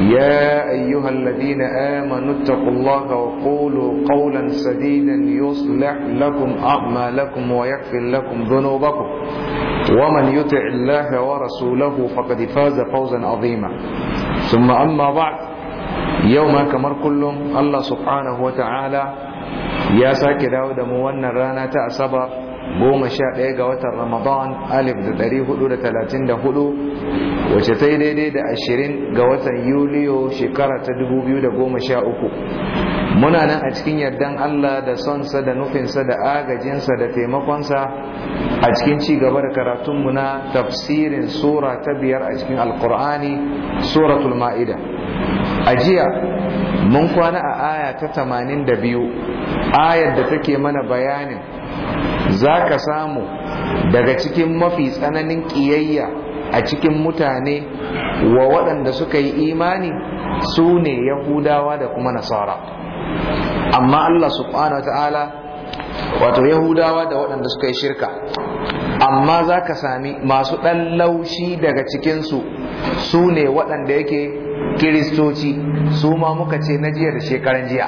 يا أيها الذين آمنوا اتقوا الله وقولوا قولا سديدا يصلح لكم أعمالكم ويغفر لكم ذنوبكم ومن يطع الله ورسوله فقد فاز فوزا عظيما ثم أما بعد يوم كمر كلهم الله سبحانه وتعالى يا ساكي داود موانا رانا تأسبر goma sha ɗaya ga watan ramadan alif da ɗari hudu da talatin da hudu wacce ta yi daidai da ashirin ga watan yuliyo shekara ta dubu biyu da goma sha uku muna nan a cikin yardan allah da sonsa da nufinsa da agajinsa da taimakonsa a cikin ci gaba da karatunmu na tafsirin sura ta biyar a cikin alkur'ani suratul ma'ida a jiya mun kwana a aya ta tamanin da biyu ayar da take mana bayanin za ka samu daga cikin mafi tsananin ƙiyayya a cikin mutane wa waɗanda suka yi imani su ne yahudawa da kuma nasara amma Allah subhanahu wa ta'ala wato yahudawa da waɗanda suka yi shirka amma za ka sami masu ɗan laushi daga cikinsu su ne waɗanda yake kiristoci su ma muka ce na jiya da shekaran jiya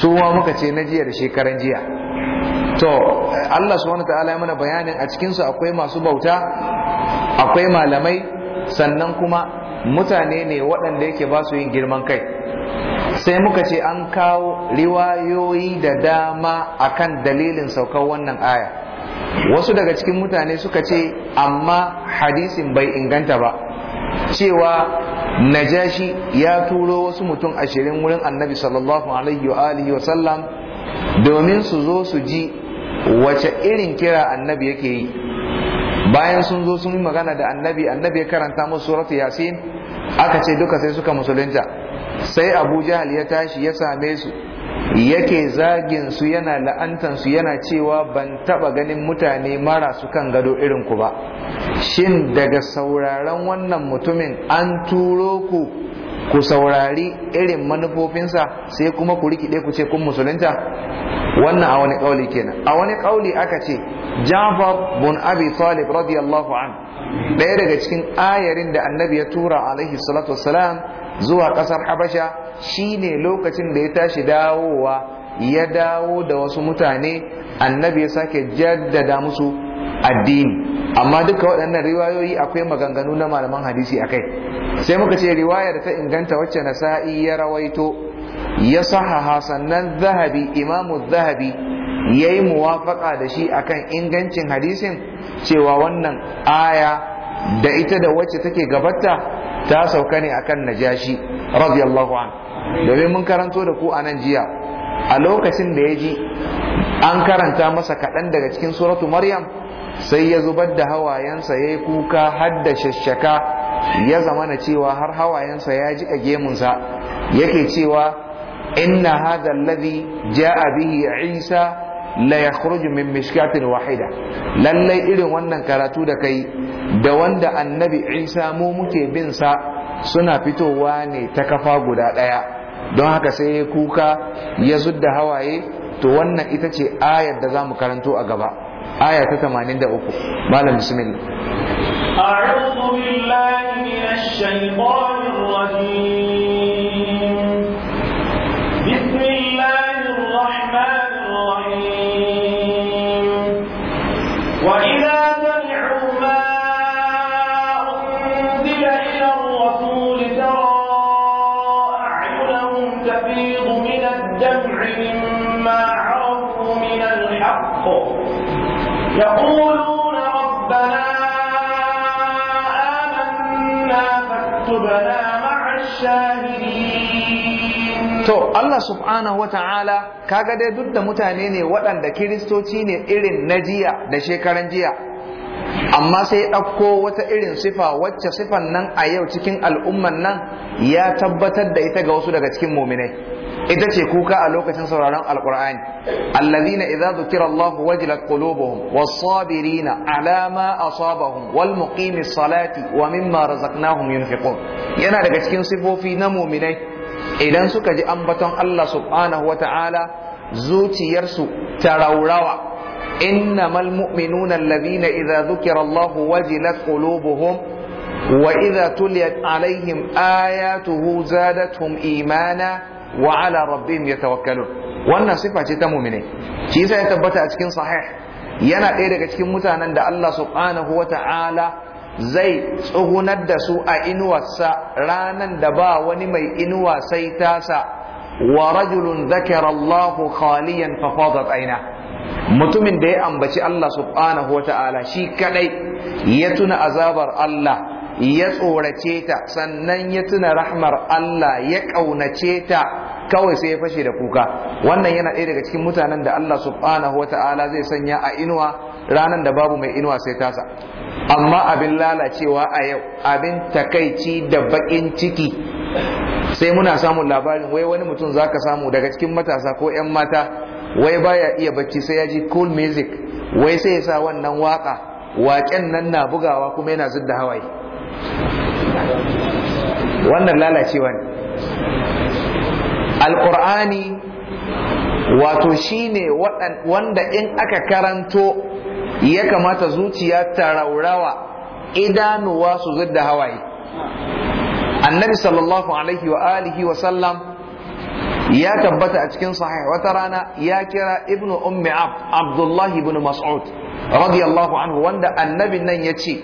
su ma muka ce na jiya da shekaran jiya to Allah subhanahu ta'ala ya mana bayanin a cikin su akwai masu bauta akwai malamai sannan kuma mutane ne waɗanda yake ba su yin girman kai sai muka ce an kawo riwayoyi da dama akan dalilin saukar wannan aya wasu daga cikin mutane suka ce amma hadisin bai inganta ba cewa najashi ya turo wasu mutum ashirin wurin annabi sallallahu alaihi wa sallam domin su zo su ji wace irin kira annabi yake yi bayan sun zo sun yi magana da annabi annabi ya karanta musu suratu yasin aka ce duka sai suka musulunta sai abu jahal ya tashi ya same su yake zagin su yana la'antan su yana cewa ban taba ganin mutane mara su kan gado irin ku ba shin daga sauraron wannan mutumin an turo ku ku saurari irin manufofinsa sai kuma ku rikide ku ce kun musulunta wannan a wani kauli kenan a wani kauli aka ce Jafar bun Abi Talib radiyallahu an ɗaya daga cikin ayarin da annabi ya tura alaihi salatu wassalam zuwa ƙasar Habasha Shi ne lokacin da ya tashi dawowa ya dawo da wasu mutane annabi ya sake jaddada musu addini amma duka waɗannan riwayoyi akwai maganganu na malaman hadisi akai sai muka ce riwayar ta inganta wacce na sa'i ya rawaito ya sahaha sannan zahabi imamu zahabi ya yi muwafaka da shi akan ingancin hadisin cewa wannan aya da ita da wacce take gabata ta sauka ne akan najashi radiyallahu anhu domin mun karanto da ku a nan jiya a lokacin da ya ji an karanta masa kaɗan daga cikin suratu maryam sai ya zubar da hawayensa ya yi kuka har da shashaka ya zama na cewa har hawayensa ya jika gemunsa yake cewa inna hadha alladhi ja'a bihi isa la yakhruju min mishkatin wahida lallai irin wannan karatu da kai da wanda annabi isa mu muke bin sa suna fitowa ne ta kafa guda ɗaya don haka sai ya kuka ya zudda hawaye to wannan ita ce ayar da za mu karanto a gaba aya ta 83 malam bismillah أعوذ بالله من الشيطان الرجيم to Allah subhanahu wata'ala kaga dai duk da mutane ne waɗanda kiristoci ne irin na jiya da shekaran jiya amma sai ɗauko wata irin sifa wacce sifan nan a yau cikin al'umman nan ya tabbatar da ita ga wasu daga cikin muminai ita ce kuka a lokacin sauraron alqur'ani allazina idza zukira allah wajilat qulubuhum was-sabirina ala ma asabahum wal muqimis salati wa mimma razaqnahum yunfiqun yana daga cikin sifofi na muminai idan suka ji ambaton Allah subhanahu wa ta'ala zuciyarsu ta raurawa innamal mu'minuna alladhina idza dhukira Allah wajilat qulubuhum وإذا تليت عليهم آياته زادتهم إيمانا وعلى ربهم يتوكلون wannan sifa ce ta mumine shi ya tabbata a cikin sahih yana ɗaya daga cikin mutanen da Allah subhanahu wa ta'ala zai tsugunar da su a inuwarsa ranan da ba wani mai inuwa sai tasa wa rajulun zakara Allahu khaliyan fa fadat aina mutumin da ya ambaci Allah subhanahu ta'ala shi kadai ya tuna azabar Allah ya tsorace ta sannan ya tuna rahmar Allah ya ƙaunace ta kawai sai ya fashe da kuka wannan yana ɗaya daga cikin mutanen da Allah subhanahu wata'ala zai sanya a inuwa ranar da babu mai inuwa sai tasa amma abin lalacewa a yau abin takaici da bakin ciki sai muna samun labarin wai wani mutum zaka samu daga cikin matasa ko 'yan mata wai baya iya bacci sai ya ji cool music wai sai ya sa wannan waka waken nan na bugawa kuma yana zidda hawaye wannan lalacewa ne alƙur'ani wato shine wanda in aka karanto ya kamata zuciya ta raurawa idanuwa su zidda hawaye annabi sallallahu alaihi wa alihi wa sallam ya tabbata a cikin sahih wata rana ya kira ibnu ummi ab abdullah ibn mas'ud radiyallahu anhu wanda annabi nan ya ce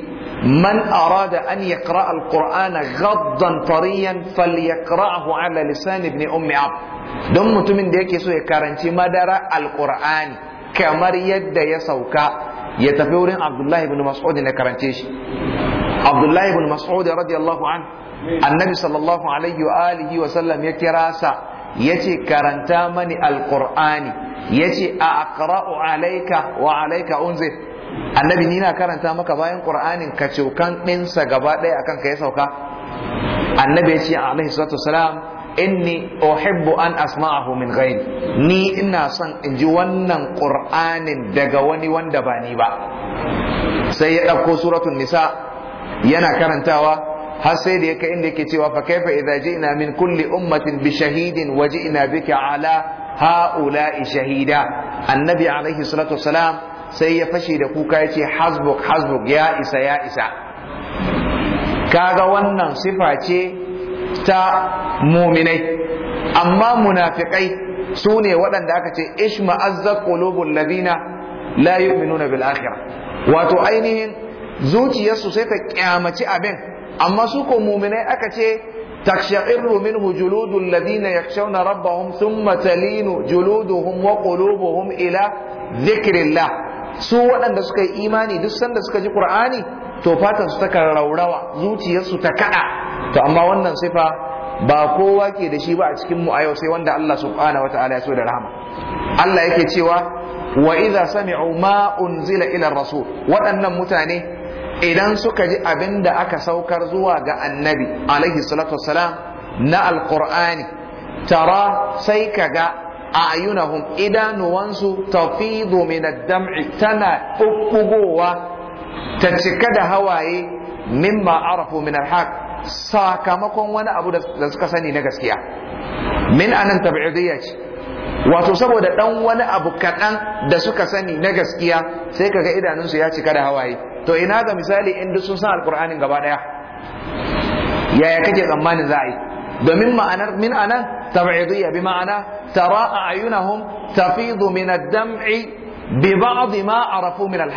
man arada an yaqra alqur'ana ghaddan tariyan falyaqra'hu ala lisan ibn ummi ab don mutumin da yake so ya karanci madara alqur'ani kamar yadda ya sauka ya tafi wurin abdullahi ibn mas'ud na karance shi abdullahi ibn mas'ud radiyallahu an annabi sallallahu alaihi wa alihi wa sallam ya kira sa yace karanta mani alqur'ani yace a aqra'u alayka wa alayka unzir annabi ni na karanta maka bayan qur'anin ka cokan dinsa gaba ɗaya akan ka ya sauka annabi ya ce alaihi salatu wasalam inni uhibbu an asma'ahu min ghairi ni ina son in ji wannan qur'anin daga wani wanda ba ni ba sai ya ɗauko suratul nisa yana karantawa har sai da yake inda yake cewa fa kaifa idza ji'na min kulli ummatin bi shahidin wa ji'na bika ala haula'i shahida annabi alaihi salatu wasalam sai ya fashe da kuka yace hasbuk hasbuk ya isa ya isa kaga wannan sifa ce ta muminai amma munafiƙai su ne waɗanda aka ce ish ma'azzar qulubul ladina la yu'minuna bil akhirah wato ainihin zuciyarsu sai ta kyamaci abin amma su ko muminai aka ce تقشعر منه جلود الذين يخشون ربهم ثم تلين جلودهم وقلوبهم إلى ذكر الله su waɗanda suka yi imani duk sanda suka ji kur'ani. to fatan su takan raurawa zuciyarsu ta kada to amma wannan sifa ba kowa ke da shi ba a cikin mu a yau sai wanda Allah subhanahu wataala ya so da rahama Allah yake cewa wa idza sami'u ma unzila ila rasul waɗannan mutane idan suka ji abin da aka saukar zuwa ga annabi alaihi salatu wassalam na alqur'ani tara sai kaga ayunahum idanuwansu tafidu min ad-dam'i tana ɓuɓɓugowa ta cika da hawaye mimma arafu min alhaq sakamakon wani abu da suka sani na gaskiya min anan tabi'idiyya ce wato saboda dan wani abu kaɗan da suka sani na gaskiya sai kaga idanunsu ya cika da hawaye to ina ga misali in duk sun san alkur'anin gaba daya yaya kake tsammanin za yi domin ma'anar min anan tabi'idiyya bi ma'ana tara a'yunahum tafidu min ad-dam'i bi ba'dhi ma arafu min al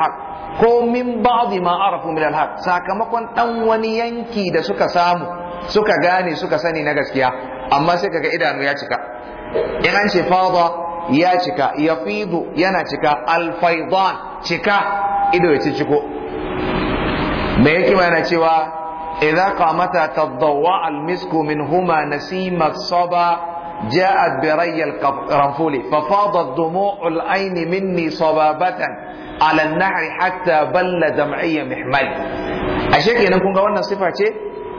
ko min ba'dhi ma arafu min al sakamakon dan wani yanki da suka samu suka gane suka sani na gaskiya amma sai kaga idanu ya cika Idan ce fada ya cika ya fido yana cika alfaidan cika ido ya ciko mai hikima yana cewa idza qamata tadawwa almisku min huma nasima saba جاءت بري القرنفل ففاضت دموع العين مني صبابة على النهر حتى بل دمعي محمل أشياء كنا كنا وانا صفة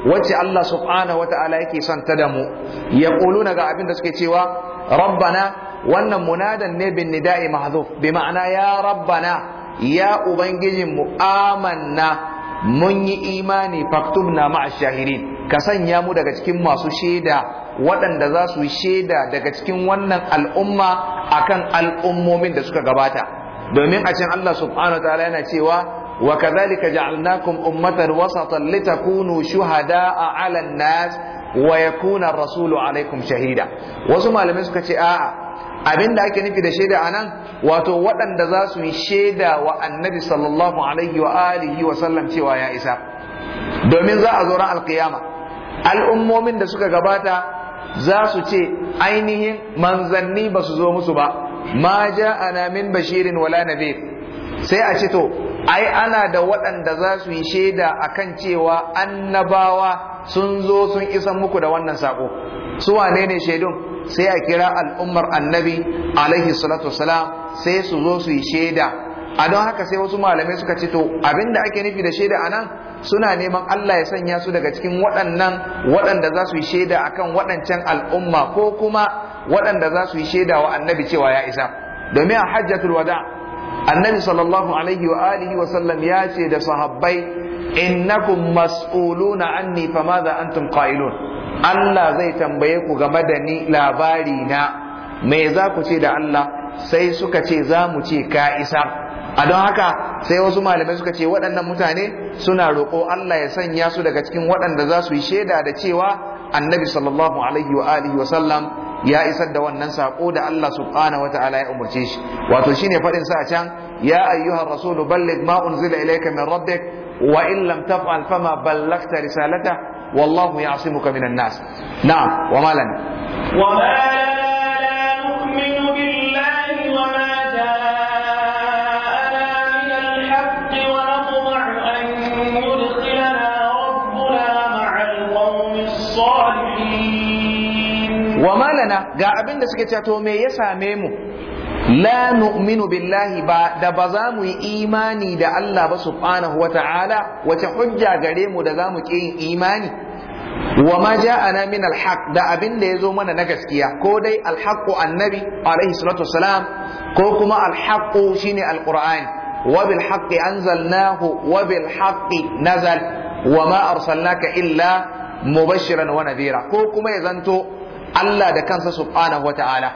wacce Allah subhanahu wata'ala yake son ta da mu ya na ga abin suke cewa rabbana wannan munadan ne bin nida'i mahzuf bi ma'ana ya rabana ya ubangijin mu amanna mun yi imani faktubna ma'a shahirin ka sanya mu daga cikin masu shaida waɗanda za su shaida daga cikin wannan al'umma akan al'ummomin da suka gabata domin a can Allah subhanahu ta'ala yana cewa wa kadhalika ja'alnakum ummatan wasatan litakunu shuhada'a 'ala an-nas wa yakuna ar-rasulu 'alaykum shahida wasu malamai suka ce a'a abin da ake nufi da shaida a nan wato waɗanda za su yi shaida wa annabi sallallahu alaihi wa alihi wa sallam cewa ya isa domin za a zo ran alkiyama al'ummomin da suka gabata za su ce ainihin manzanni ba su zo musu ba ma ja ja'ana min bashirin wala nadir sai a ce to ai ana da waɗanda za su yi shaida a kan cewa annabawa sun zo sun isa muku da wannan saƙo su wanene ne shaidun sai a kira al'ummar annabi alaihi salatu wasalam sai su zo su yi shaida a don haka sai wasu malamai suka ce to abinda ake nufi da shaida a nan, suna neman Allah ya sanya su daga cikin waɗannan waɗanda za su yi shaida akan waɗancan al'umma ko kuma waɗanda za su yi shaida wa annabi cewa ya isa domin a hajjatul wada annabi sallallahu alaihi wa alihi wa sallam ya ce da sahabbai innakum mas'uluna anni famadha antum qailun Allah zai tambaye ku game da ni labari na me za ku ce da Allah sai suka ce za mu ce ka isa a don haka sai wasu malamai suka ce waɗannan mutane suna roƙo Allah ya sanya su daga cikin waɗanda za su yi shaida da cewa annabi sallallahu alaihi wa alihi wa sallam ya isar da wannan sako da Allah subhanahu wa ta'ala ya umarce shi wato shine faɗin sa a can ya ayyuhar rasulu balligh ma unzila ilayka min rabbik wa in lam taf'al fama ballagta risalata wallahu ya'simuka minan nas na'am wa malan wa malan ga abin da suke cewa to me ya same mu la nu'minu billahi ba da ba za mu yi imani da Allah ba subhanahu wata'ala wace hujja gare mu da za mu yin imani wa ma ja'ana min alhaq da abin da yazo mana na gaskiya ko dai alhaqu annabi alaihi salatu wassalam ko kuma alhaqu shine alqur'ani وبالحق أنزلناه وبالحق نزل وما أرسلناك إلا Ko kuma ya zanto. Allah da kansa subhanahu wa ta'ala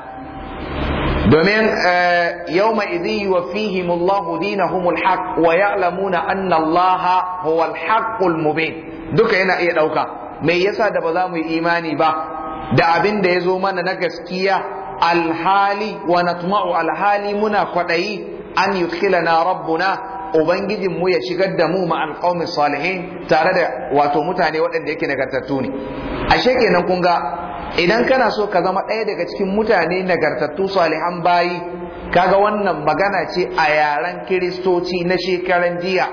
domin eh, yawma idhi yuwaffihimullahu dinahumul haqq wa ya'lamuna anna Allah huwal haqqul mubin duka yana iya ɗauka me yasa da ba za mu yi imani ba da abin da ya zo mana na gaskiya alhali wa natma'u alhali muna kwaɗayi an yudkhilana rabbuna ubangijin mu ya shigar da mu ma alqaumis salihin tare da wato mutane waɗanda yake nagartattu ne ashe kenan kun ga idan kana so ka zama ɗaya daga cikin mutane nagartattu salihan bayi kaga wannan magana ce a yaren kiristoci na shekaran jiya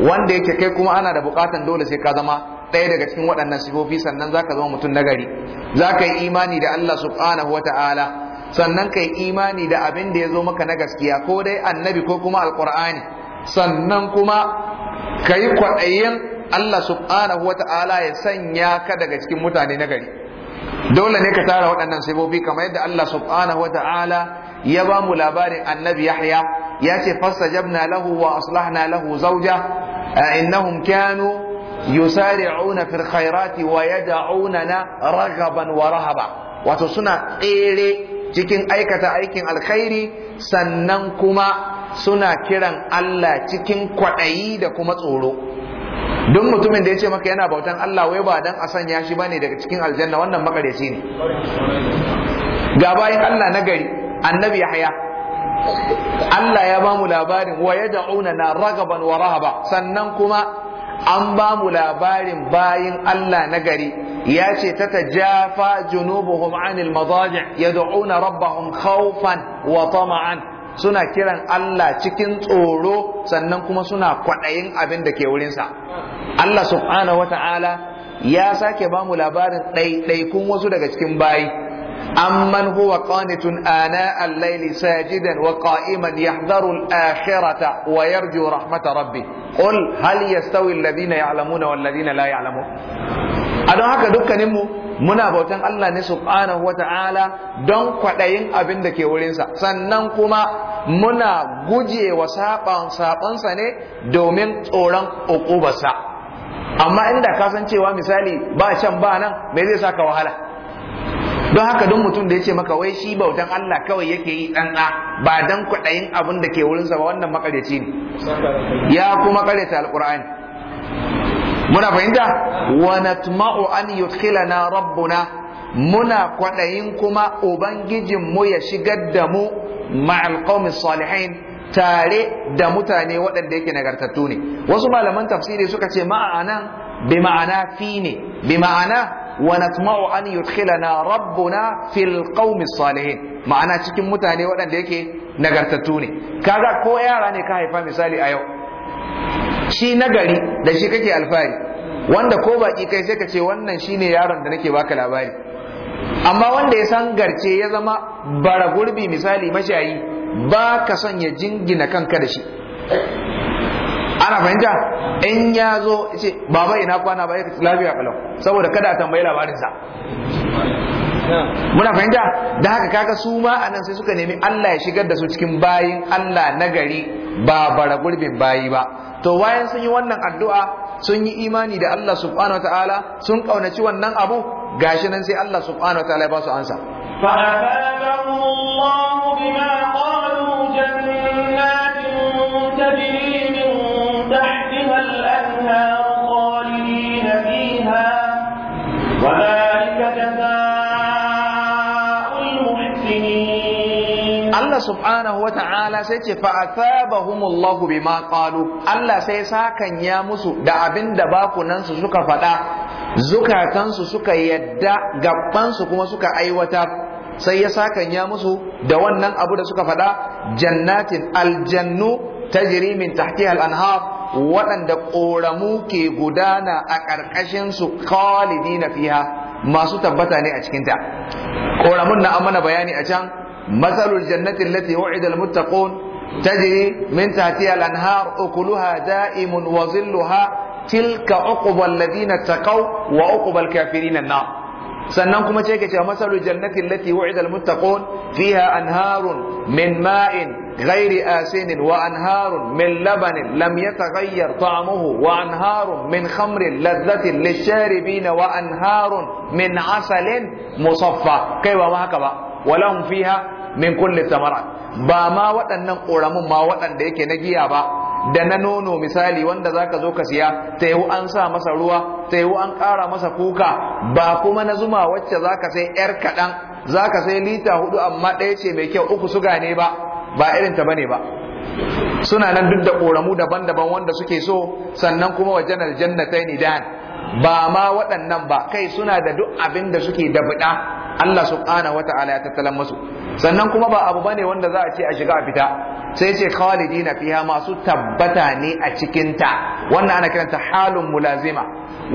wanda yake kai kuma ana da bukatan dole sai ka zama ɗaya daga cikin waɗannan sifofi sannan zaka zama mutum nagari zaka yi imani da Allah subhanahu wata'ala sannan ka yi imani da abin da ya zo maka na gaskiya ko dai annabi ko kuma alqur'ani sannan kuma ka yi kwaɗayin Allah subhanahu wata'ala ya sanya ka daga cikin mutane nagari dole ne ka tara waɗannan sifofi kamar yadda Allah subhanahu wata'ala ya ba mu labarin annabi Yahya ya ce fastajabna lahu wa aslahna lahu zawja innahum kanu yusari'una fil khairati wa yad'unana raghaban wa rahaba wato suna tsere cikin aikata aikin alkhairi sannan kuma suna kiran Allah cikin kwaɗayi da kuma tsoro duk mutumin da ya ce maka yana bautan Allah wai ba dan a sanya shi bane daga cikin aljanna wannan makareci ne ga bayan Allah na gari annabi Yahya Allah ya ba mu labarin wa yad'una na ragaban wa rahaba sannan kuma an ba mu labarin bayin Allah na gari ya ce ta tajafa junubuhum anil madaji yad'una rabbahum khawfan wa tama'an suna kiran Allah cikin tsoro sannan kuma suna kwaɗayin abin da ke wurinsa Allah subhanahu wata'ala ya sake ba mu labarin ɗaiɗaikun wasu daga cikin bayi amman huwa qanitun ana al-layli sajidan wa qa'iman yahdharu al-akhirata wa yarju rahmata rabbi. qul hal yastawi alladhina ya'lamuna wal ladina la ya'lamun a don haka dukkanin mu muna bautan Allah ne subhanahu wata'ala don kwaɗayin abin da ke wurinsa sannan kuma muna guje wa saɓansa ne domin tsoron uƙubarsa amma inda ka san cewa misali ba can ba nan me zai saka wahala don haka don mutum da ya ce maka wai shi bautan Allah kawai yake yi dan a ba dan kwaɗayin abin da ke wurin ba wannan makareci ne ya kuma karyata alqur'ani muna fahimta wa natma'u an yudkhilana rabbuna muna kwaɗayin kuma ubangijin mu ya shigar da mu ma'alƙaumin salihin tare da mutane waɗanda yake nagartattu ne wasu malaman tafsiri suka ce ma'ana bi ma'ana fi ne bi ma'ana wa natma'u an yudkhilana rabbuna fil qaumi salihin ma'ana cikin mutane waɗanda yake nagartattu ne kaga ko yara ne ka haifa misali a yau shi nagari da shi kake alfahari wanda ko baki kai sai ka ce wannan shine yaron da nake baka labari amma wanda ya san garce ya zama bara gurbi misali mashayi ba ka son ya jingina kanka da shi ana fahimta in ya zo ce baba ina kwana ba ya lafiya kalau saboda kada a tambayi labarinsa muna fahimta da haka kaga su ma nan sai suka nemi Allah ya shigar da su cikin bayin Allah na gari ba bara gurbin bayi ba to wayan sun yi wannan addu'a sun yi imani da Allah subhanahu wataala sun kaunaci wannan abu gashi nan sai Allah subhanahu wataala ya ba su ansa subhanahu wa ta'ala sai ce fa'athabahumullahu bima qalu Allah sai sakan ya musu da abinda da bakunan su suka faɗa zukatan suka yadda gabbansu kuma suka aiwata. sai ya ya musu da wannan abu da suka faɗa jannatin aljannu tajirimin min tahtiha anhar waɗanda ƙoramu ke gudana a ƙarƙashin su na fiha masu tabbata ne a cikinta ƙoramun na amana bayani a can masalul jannati allati wa'ida al-muttaqun تجري da'imun تحتها الأنهار tilka دائم وظلها تلك عقب الذين اتقوا وعقب الكافرين النار sannan kuma ce kace masalu jannati allati wu'ida almuttaqun fiha anharun min ma'in ghairi asinin wa anharun min labanin lam yataghayyar ta'amuhu wa anharun min khamrin ladhatin lisharibin wa anharun min asalin musaffa kai ba ma haka ba walahum fiha min kulli thamarat ba ma waɗannan ƙoramin ma waɗanda yake na giya ba da na nono misali wanda zaka zo ka siya ta an sa masa ruwa ta an ƙara masa kuka ba kuma na zuma wacce zaka sai yar kaɗan zaka sai lita hudu amma ɗaya ce mai kyau uku suga ne ba ba irin ta bane ba suna nan duk da ƙoramu daban-daban wanda suke so sannan kuma wajen aljannatai nidan ba ma waɗannan ba kai suna da duk abin da suke da buɗa Allah subhanahu wata'ala ya tattalan musu sannan kuma ba abu bane wanda za a ce a shiga a fita sai ce khalidina fiha masu tabbata ne a cikin ta wannan ana kiranta halun mulazima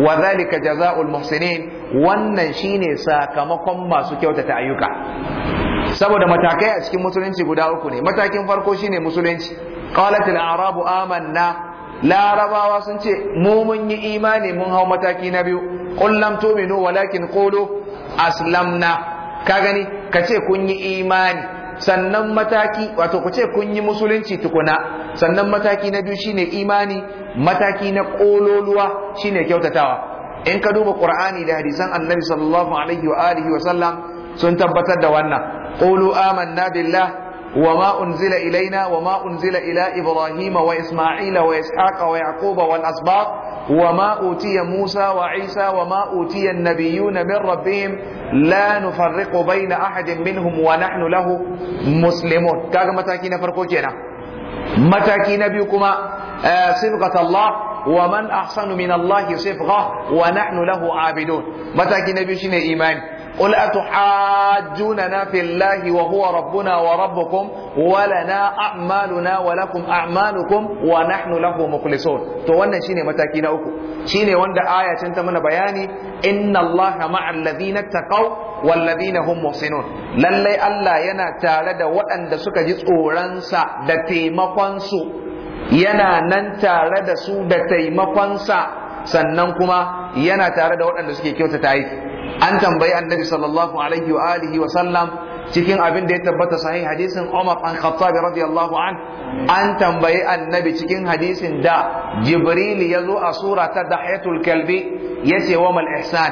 wa zalika jazaa'ul muhsinin wannan shine sakamakon masu kyautata ayyuka saboda matakai a cikin musulunci guda uku ne matakin farko shine musulunci qalat al-arabu amanna larabawa sun ce mu mun yi imani mun hau mataki na biyu qul lam tu'minu walakin qulu aslamna ka gani ka ce kun yi imani sannan mataki wato ku ce kun yi musulunci tukuna sannan mataki na biyu shine imani mataki na kololuwa shine kyautatawa in ka duba qur'ani da hadisan annabi sallallahu alaihi wa alihi wa sallam sun tabbatar da wannan qulu amanna billahi وما أنزل إلينا وما أنزل إلى إبراهيم وإسماعيل وإسحاق ويعقوب والأسباط وما أوتي موسى وعيسى وما أوتي النبيون من ربهم لا نفرق بين أحد منهم ونحن له مسلمون كاغا متاكين فرقو كينا متاكين بيكما آه صبغة الله ومن أحسن من الله صبغة ونحن له عابدون متاكين بيشين إيمان قل أتحاجوننا في الله وهو ربنا وربكم ولنا أعمالنا ولكم أعمالكم ونحن له مخلصون تو wannan shine mataki na uku shine wanda aya can ta mana bayani inna allaha ma'al ladina taqaw wal ladina hum muhsinun Lallai Allah yana tare da waɗanda suka ji tsoron da taimakon su yana nan tare da su da taimakon sa sannan kuma yana tare da waɗanda suke kyautata aiki an tambayi annabi sallallahu alaihi wa alihi wa sallam cikin abin da ya tabbata sahih hadisin Umar an Khattabi radiyallahu an an tambayi annabi cikin hadisin da Jibril ya zo a sura ta Dahiyatul Kalbi yace wa mal ihsan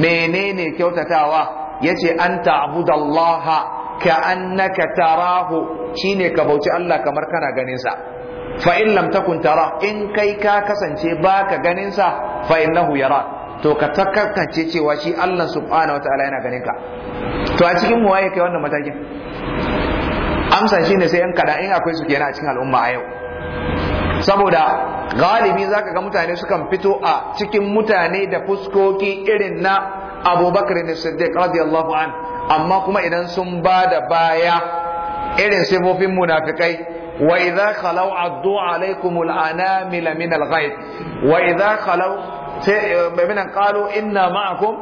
menene kyautatawa yace an ta'budallaha ka annaka tarahu shine ka bauci Allah kamar kana ganin sa fa in lam takun tara in kai ka kasance baka ganin sa fa innahu yara to ka takakance cewa shi Allah subhanahu wataala yana ganin ka to a cikin mu waye kai wannan matakin amsa shine sai yan kada in akwai su kenan a cikin al'umma a yau saboda galibi zaka ga mutane sukan fito a cikin mutane da fuskoki irin na abubakar ne siddiq radiyallahu an amma kuma idan sun ba da baya irin sifofin munafikai wa idza khalau addu alaikum anamila min al wa idza khalau Eh, minan qalu inna ma'akum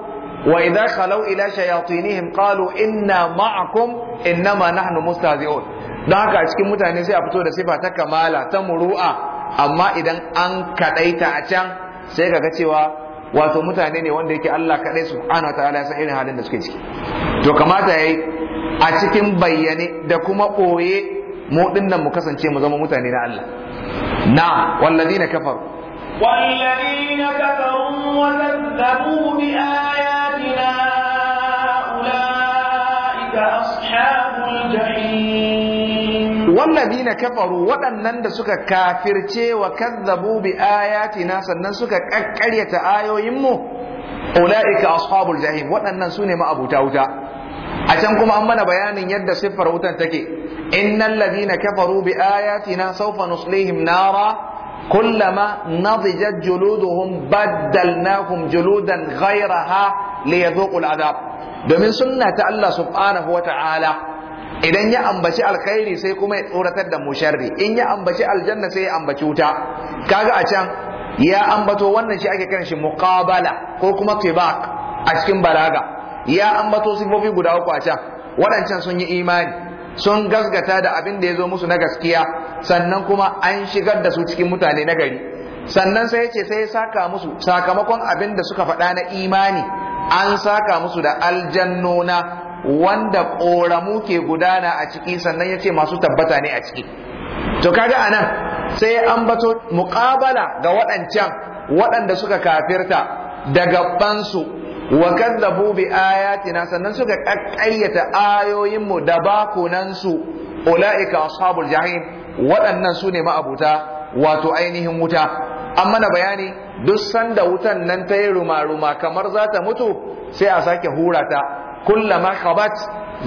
wa idza khalau ila shayatinihim qalu inna ma'akum innama nahnu mustahzi'un don haka a cikin mutane sai a fito da sifa ta kamala ta muru'a amma idan an kadaita a can sai kaga cewa wato mutane ne wanda yake Allah kaɗai subhanahu wa ta'ala ya san irin halin da suke ciki to kamata yayi a cikin bayyane da kuma ɓoye mu dinnan mu kasance mu zama mutane na Allah na wallazina kafaru والذين كفروا وكذبوا بآياتنا أولئك أصحاب الجحيم والذين كفروا waɗannan da suka kafirce wa kazzabu bi ayatina sannan suka kakkaryata ayoyinmu ulaika ashabul jahim waɗannan sune ma'abuta wuta a can kuma an mana bayanin yadda siffar wutan take innal ladina kafaru bi ayatina sawfa nuslihim nara كلما نضجت جلودهم بدلناهم جلودا غيرها ليذوقوا العذاب domin sunna ta Allah subhanahu wata'ala idan ya ambaci alkhairi sai kuma ya tsoratar da mu sharri in ya ambaci aljanna sai ya ambaci wuta kaga a can ya ambato wannan shi ake kiran shi muqabala ko kuma tibaq a cikin balaga ya ambato sifofi guda uku a can waɗancan sun yi imani sun gasgata da abin da ya zo musu na gaskiya sannan kuma an shigar da su cikin mutane na gari sannan sai ce sai ya saka musu sakamakon abin da suka faɗa na imani an saka musu da aljannona wanda ƙoramu ke gudana a ciki sannan ya ce masu tabbata ne a ciki to kaga anan sai an bato muƙabala ga waɗancan waɗanda suka kafirta da gabansu wa kadzabu bi ayatina sannan suka kakkaryata ayoyin mu da bakunan su ulaika ashabul jahim waɗannan su ne ma'abuta wato ainihin wuta an mana bayani duk sanda wutan nan ta yi ruma-ruma kamar za ta mutu sai a sake hura ta kullama khabat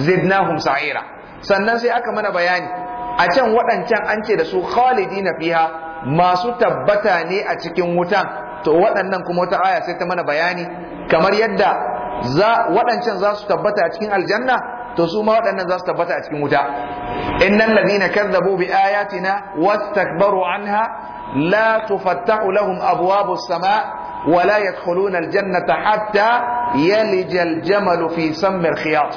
zidnahum sa'ira sannan sai aka mana bayani a can waɗancan an ce da su khalidina fiha masu tabbata ne a cikin wutan to waɗannan kuma wata aya sai ta mana bayani kamar yadda za waɗancan za su tabbata a cikin aljanna to su ma waɗannan za su tabbata a cikin wuta innal ladina kadzabu bi ayatina wastakbaru anha la tufattahu lahum abwabu sama ولا يدخلون الجنة حتى يلج الجمل في سم الخياط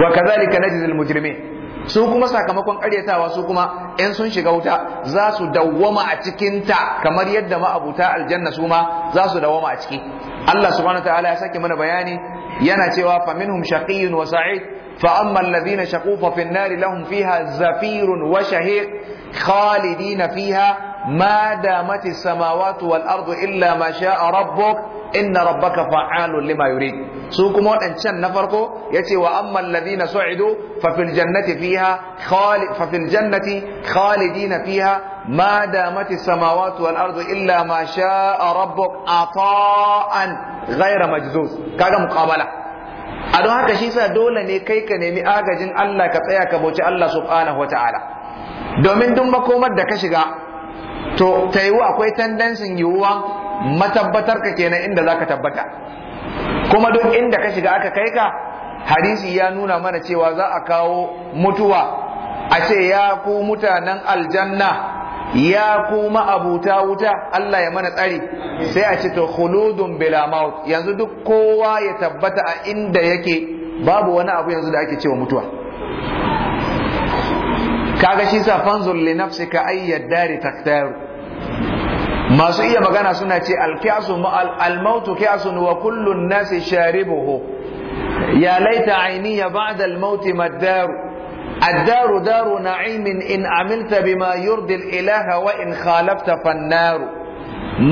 وكذلك نجزي المجرمين su kuma sakamakon karyatawa su kuma in sun shiga wuta za su dawwama a cikin ta kamar yadda ma'abuta aljanna su ma za su dawwama a ciki Allah subhanahu wataala ya sake mana bayani yana cewa fa minhum shaqiyyun wa sa'id fa amma alladhina shaqu fi an-nar lahum fiha zafirun wa shahiq khalidina fiha ma damati samawati wal ardu illa ma sha'a rabbuk inna rabbaka fa'alun lima yurid su kuma waɗancan na farko ya ce wa ammal ladina su'idu fa fil jannati fiha khalid fa fil khalidina fiha ma damati samawati wal ardu illa ma sha'a rabbuk ata'an ghayra majzuz kaga muqabala a don haka shi sa dole ne kai ka nemi agajin Allah ka tsaya ka bauci Allah subhanahu ta'ala domin duk makomar da ka shiga to ta yiwu akwai tendensin yiwuwa matabbatar ka kenan inda za ka tabbata kuma duk inda ka shiga aka kai ka hadisi ya nuna mana cewa za a kawo mutuwa a ce ya ku mutanen aljanna ya ku ma'abuta wuta Allah ya mana tsari sai a ce to khuludun bila yanzu duk kowa ya tabbata a inda yake babu wani abu yanzu da ake cewa mutuwa kaga shi sa fanzur li nafsika ayyad dari taktar masu iya magana suna ce al almautu kiyasun wa kullun nasi sharibuhu ya laita aini ya ba'da almauti maddaru الدار دار نعيم إن عملت بما يرضي الإله وإن خالفت فالنار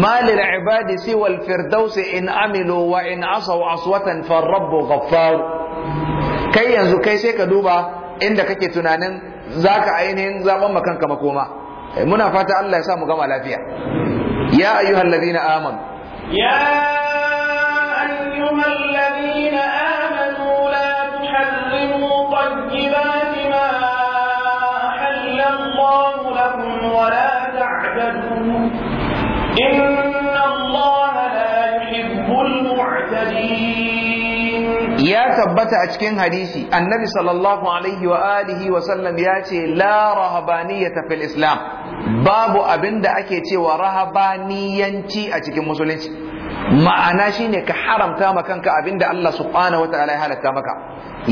ما للعباد سوى الفردوس إن عملوا وإن عصوا عصوة فالرب غفار كي ينزو كي سيك دوبا عندك كي tunanin. zaka ainihin zaban makan kama koma eh, muna fata Allah ya sa mu gama lafiya ya ayyuhal ladina amanu ya ya tabbata a cikin hadisi annabi sallallahu alaihi wa alihi wa sallam ya ce la rahabaniyata fil islam babu abin da ake cewa rahabaniyanci a cikin musulunci ma'ana shine ka haramta ma kanka abin da Allah subhanahu wa ta'ala ya halatta maka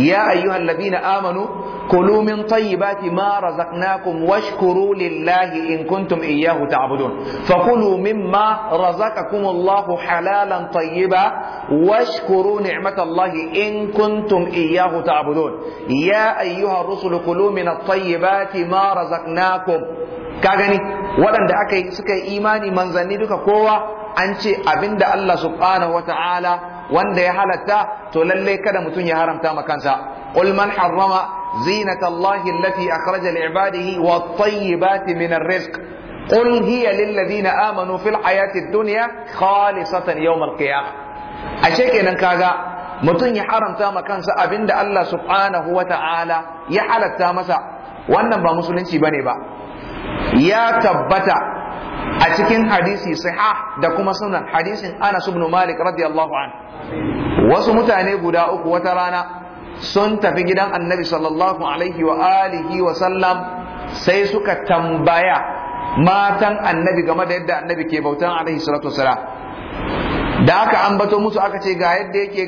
ya ayyuhal ladina amanu kulu min tayyibati ma razaqnakum washkuru lillahi in kuntum iyyahu ta'budun fakulu mimma razaqakum Allah halalan tayyiba washkuru ni'matallahi in kuntum iyyahu ta'budun ya ayyuha ar-rusulu kulu min at-tayyibati ma razaqnakum ka gani waɗanda aka suka yi imani manzani duka kowa an ce abinda Allah subhanahu wanda ya halatta to lalle kada mutum ya haramta ma kansa qul man harrama zinata allahi allati akhraja li ibadihi wat tayyibati min ar-rizq قل هي للذين آمنوا في الحياة الدنيا خالصة يوم القيامة أشيك إن كذا متن يحرم تاما كان أبند الله سبحانه وتعالى يحل التامسة وأنما مسلم بني با يا تبتا a cikin hadisi sahih da kuma sunan hadisin Anas ibn Malik radiyallahu an wasu mutane guda uku wata rana sun tafi gidan Annabi sallallahu alaihi wa alihi wa sallam sai suka tambaya matan Annabi game da yadda Annabi ke bautan alaihi salatu wassalam da aka ambato musu aka ce ga yadda yake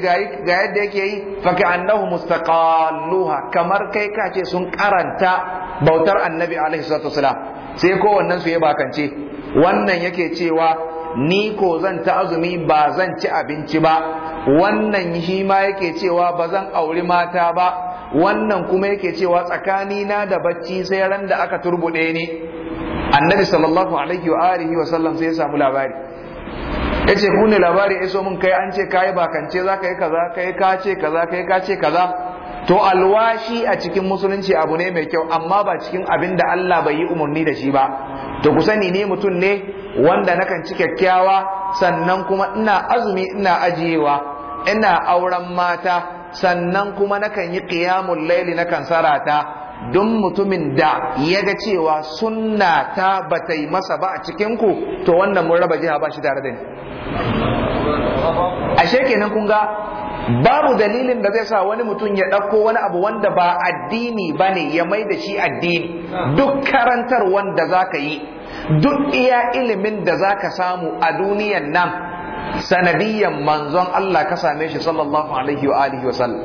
ga yadda yake yi "Faki annahu mustaqalluha kamar kai ka ce sun karanta bautar annabi alaihi salatu wasalam sai kowannen su ya bakance wannan yake cewa ni ko zan ta azumi ba zan ci abinci ba wannan shi ma yake cewa ba zan auri mata ba wannan kuma yake cewa tsakani na da bacci sai ran da aka turbuɗe ne. annabi sallallahu alaihi wa alihi wa sallam sai ya samu labari ya ce ku ne labari ya so mun kai an ce kai bakance zaka yi kaza kai ka ce kaza kai ka ce kaza to alwashi a cikin musulunci abu ne mai kyau amma ba cikin abin da Allah bai yi umarni da shi ba to ku sani ni mutum ne wanda nakan ci kyakkyawa sannan kuma ina azumi ina ajiyewa ina auren mata sannan kuma nakan yi qiyamul laili nakan sarata don mutumin da ya ga cewa sunna ta ba ta yi masa ba a cikin ku to wannan mun raba jiha ba shi tare da ni ashe kenan kun ga babu dalilin da zai sa wani mutum ya ɗauko wani abu wanda ba addini ba ne ya mai da shi addini duk karantar wanda za ka yi duk iya ilimin da za ka samu a duniyan nan sanadiyyan manzon Allah ka same shi sallallahu alaihi wa alihi wa sallam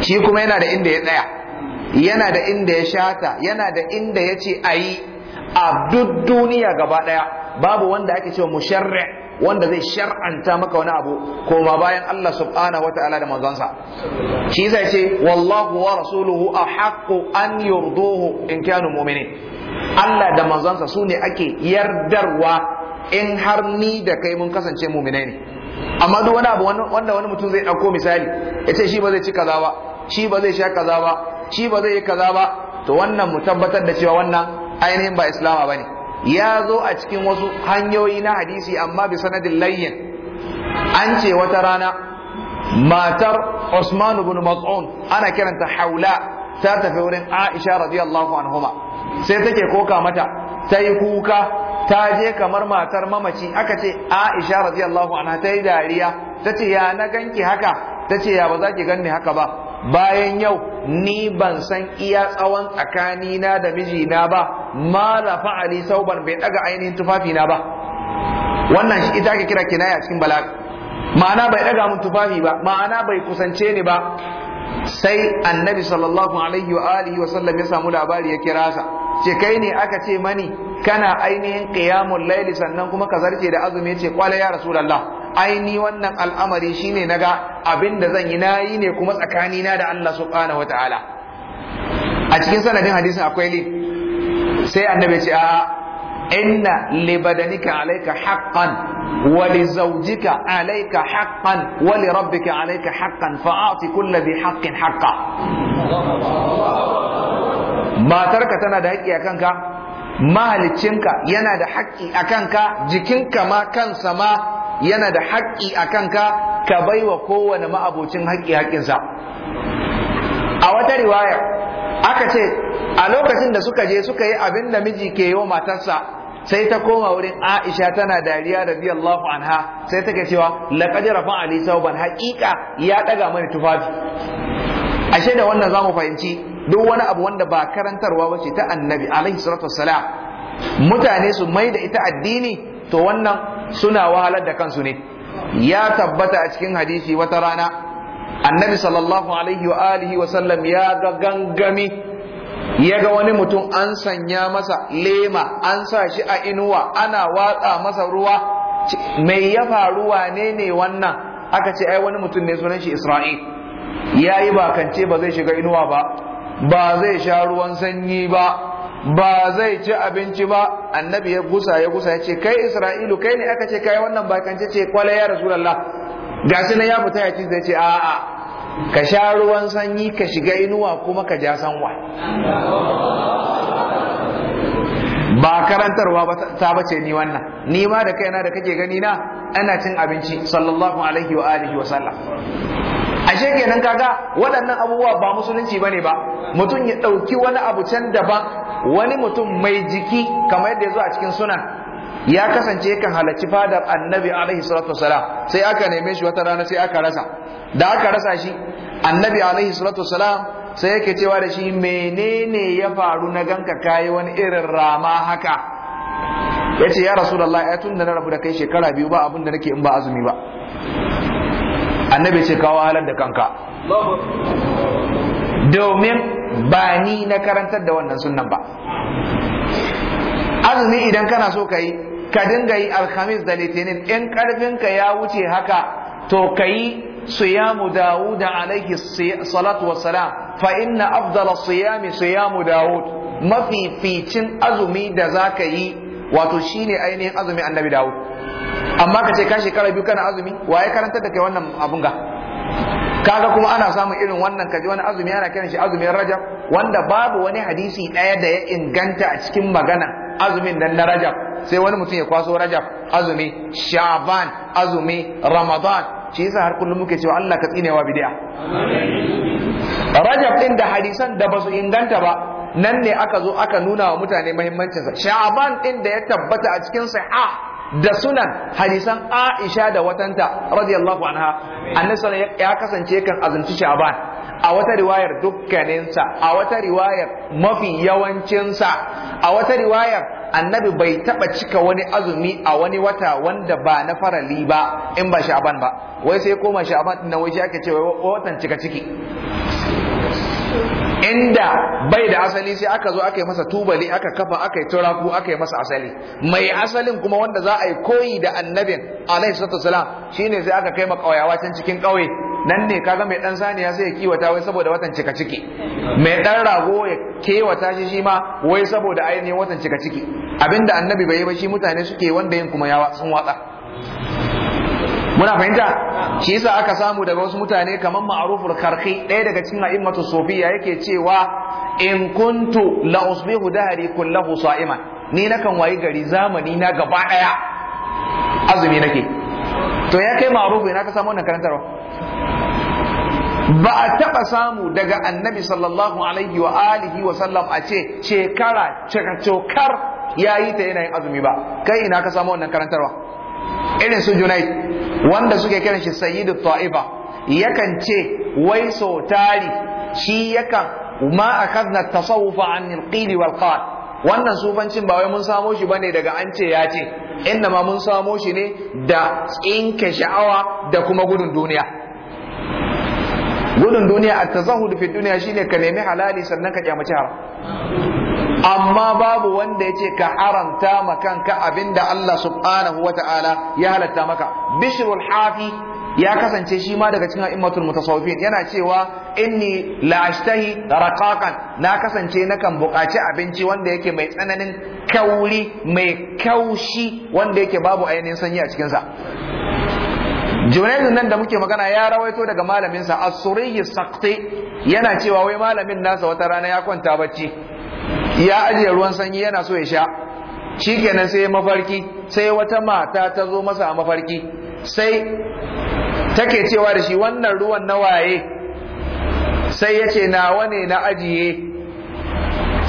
shi kuma yana da inda ya tsaya yana da inda ya shata yana da inda ya ce a yi a duk duniya gaba ɗaya babu wanda ake cewa musharri' wanda zai shar'anta maka wani abu koma bayan Allah subhanahu wataala da manzonsa shi yasa ce wallahu wa rasuluhu ahaqqu an yurduhu in kanu mu'minin Allah da manzonsa su ne ake yardarwa in har ni da kai mun kasance mu'minai ne amma duk wani abu wanda wani mutum zai ɗauko misali ya ce shi ba zai ci kaza ba shi ba zai sha kaza ba shi ba zai yi kaza ba to wannan mu tabbatar da cewa wannan ainihin ba islama ba ne ya zo a cikin wasu hanyoyi na hadisi amma bi sanadin layyin an ce wata rana matar Usman ibn Mas'un ana kiranta Haula ta tafi wurin Aisha radiyallahu anhuma sai take koka mata ta yi kuka ta je kamar matar mamaci aka ce Aisha radiyallahu anha ta yi dariya ta ce ya na ganki haka ta ce ya ba za ki ganni haka ba bayan yau ni ban san iya tsawon tsakanina da mijina ba ma Ali sauban bai daga ainihin tufafi na ba wannan shi ita ake kira kinaya cikin balaga ma'ana bai daga mun tufafi ba ma'ana bai kusance ni ba sai annabi sallallahu alaihi wa alihi wa sallam ya samu labari ya kira sa ce kai ne aka ce mani kana ainihin qiyamul laili sannan kuma ka zarce da azumi ce kwala ya rasulullah aini wannan al'amari shine naga abin da zan yi nayi ne kuma tsakani na da Allah subhanahu wataala a cikin sanadin hadisin akwai li sai annabi ce a inna libadanika alayka haqqan wa li zawjika alayka haqqan wa li rabbika alayka haqqan fa'ati kulli dhi haqqin haqqa matarka tana da haƙƙi a kanka mahaliccinka yana da haƙƙi a kanka jikinka ma kansa ma yana da haƙƙi a kanka ka baiwa kowane ma'abocin haƙƙi haƙƙinsa a wata riwaya aka ce a lokacin da suka je suka yi abin da miji ke yi wa matarsa sai ta koma wurin Aisha tana dariya da biyan radiyallahu anha sai take cewa laqad rafa ali sauban haqiqa ya ɗaga mani tufafi ashe da wannan zamu fahimci duk wani abu wanda ba karantarwa bace ta annabi alaihi salatu wassalam mutane su mai da ita addini to wannan suna wahalar da kansu ne ya tabbata a cikin hadisi wata rana annabi sallallahu alaihi wa alihi wa sallam ya ga gangami ya ga wani mutum an sanya masa lema an sa shi a inuwa ana watsa masa ruwa mai ya faruwa ne ne wannan aka ce ai wani mutum ne sunan shi Isra'il ya yi bakance ba zai shiga inuwa ba ba zai sha ruwan sanyi ba ba zai ci abinci ba annabi ya gusa ya gusa ya ce kai Isra'ilu kai ne aka ce kai wannan bakance ce kwalai ya Rasulullah gashi na ya fita ya ce zai ce a'a ka sha ruwan sanyi ka shiga inuwa kuma ka ja sanwa ba karantarwa ta bace ni wannan ni ma da kaina da kake gani na ana cin abinci sallallahu alaihi wa alihi wa sallam ashe kenan kaga waɗannan abubuwa ba musulunci bane ba mutum ya ɗauki wani abu can daban wani mutum mai jiki kamar yadda ya zo a cikin sunan ya kasance kan halarci fadar annabi alaihi salatu wasalam sai aka neme shi wata rana sai aka rasa da aka rasa shi annabi alaihi salatu wasalam sai yake cewa da shi menene ya faru na ganka kayi wani irin rama haka ya ce ya da ya tun da na rabu da kai shekara biyu ba abin da nake in ba azumi ba annabi ce kawo halar da kanka domin ba ni na karantar da wannan sunan ba azumi idan kana so ka yi ka dinga yi alhamis da litinin in karfinka ya wuce haka to ka yi siyamu dawud alaihi salatu wassalam fa inna afdala siyami siyamu dawud mafificin azumi da za ka yi wato shine ainihin azumi annabi dawud amma ka ce ka shekara biyu kana azumi waye karanta da kai wannan abun ga kaga kuma ana samun irin wannan kaji wani azumi ana kiran shi azumin rajab wanda babu wani hadisi ɗaya da ya inganta a cikin magana azumin dan na rajab sai wani mutum ya kwaso rajab azumi shaban azumi ramadan shi yasa har kullum muke cewa Allah ka tsinewa bid'a rajab din da hadisan da basu inganta ba nan ne aka zo aka nuna wa mutane sa shaban din da ya tabbata a cikin sahih da sunan hadisan Aisha da watanta radiyallahu anha annabi ya kasance kan azumci Sha'ban a wata riwayar dukkaninsa a wata riwayar mafi yawancinsa a wata riwayar annabi bai taba cika wani azumi a wani wata wanda ba na farali ba in ba sha'aban ba wai sai koma sha'aban din nan wai shi ake cewa watan cika ciki inda bai da asali sai aka zo aka yi masa tubali aka kafa aka yi turaku aka yi masa asali mai asalin kuma wanda za a yi koyi da annabin alaihi salatu wasalam shine sai aka kai makauyawa can cikin kauye nan ne kaga mai dan saniya sai ya kiwata wai saboda watan cika ciki mai dan rago ya kewata shi shi ma wai saboda ainihin watan cika ciki abinda annabi bai yi ba shi mutane suke wanda yin kuma yawa sun watsa muna fahimta shi yasa aka samu daga wasu mutane kamar ma'rufur karki ɗaya daga cikin a'immatu sufiya yake cewa in kuntu la usbihu dahri kullahu sa'iman ni nakan wayi gari zamani na gaba daya azumi nake to ya kai ma'rufu ina ka samu wannan karantarwa ba a taɓa samu daga annabi sallallahu alaihi wa alihi wa sallam a ce shekara cikakar ya yi ta yin azumi ba kai ina ka samu wannan karantarwa irin su junai wanda suke kiran shi sayyidu Ta'iba, yakan ce wai so shi yakan ma akadna tasawufa an alqil wal qal wannan sufancin ba wai mun samo shi bane daga an ce ya ce inna ma mun samo shi ne da tsinke sha'awa da kuma gudun duniya gudun duniya at-tazahud fi dunya shine ka nemi halali sannan ka kyamaci haram amma babu wanda yace ka haramta ma kanka abinda Allah subhanahu wataala ya halatta maka bishrul hafi ya kasance shi ma daga cikin a'immatul mutasawwifin yana cewa inni la ashtahi raqaqan na kasance nakan buƙaci abinci wanda yake mai tsananin kauri mai kaushi wanda yake babu ainihin sanyi a cikin sa Junaidu nan da muke magana ya rawaito daga malaminsa As-Surayyi Saqti yana cewa wai malamin nasa wata rana ya kwanta bacci ya ajiye ruwan sanyi yana so ya sha shi kenan sai mafarki sai wata mata ta zo masa a mafarki sai take cewa da shi wannan ruwan na waye sai ya ce nawa ne na ajiye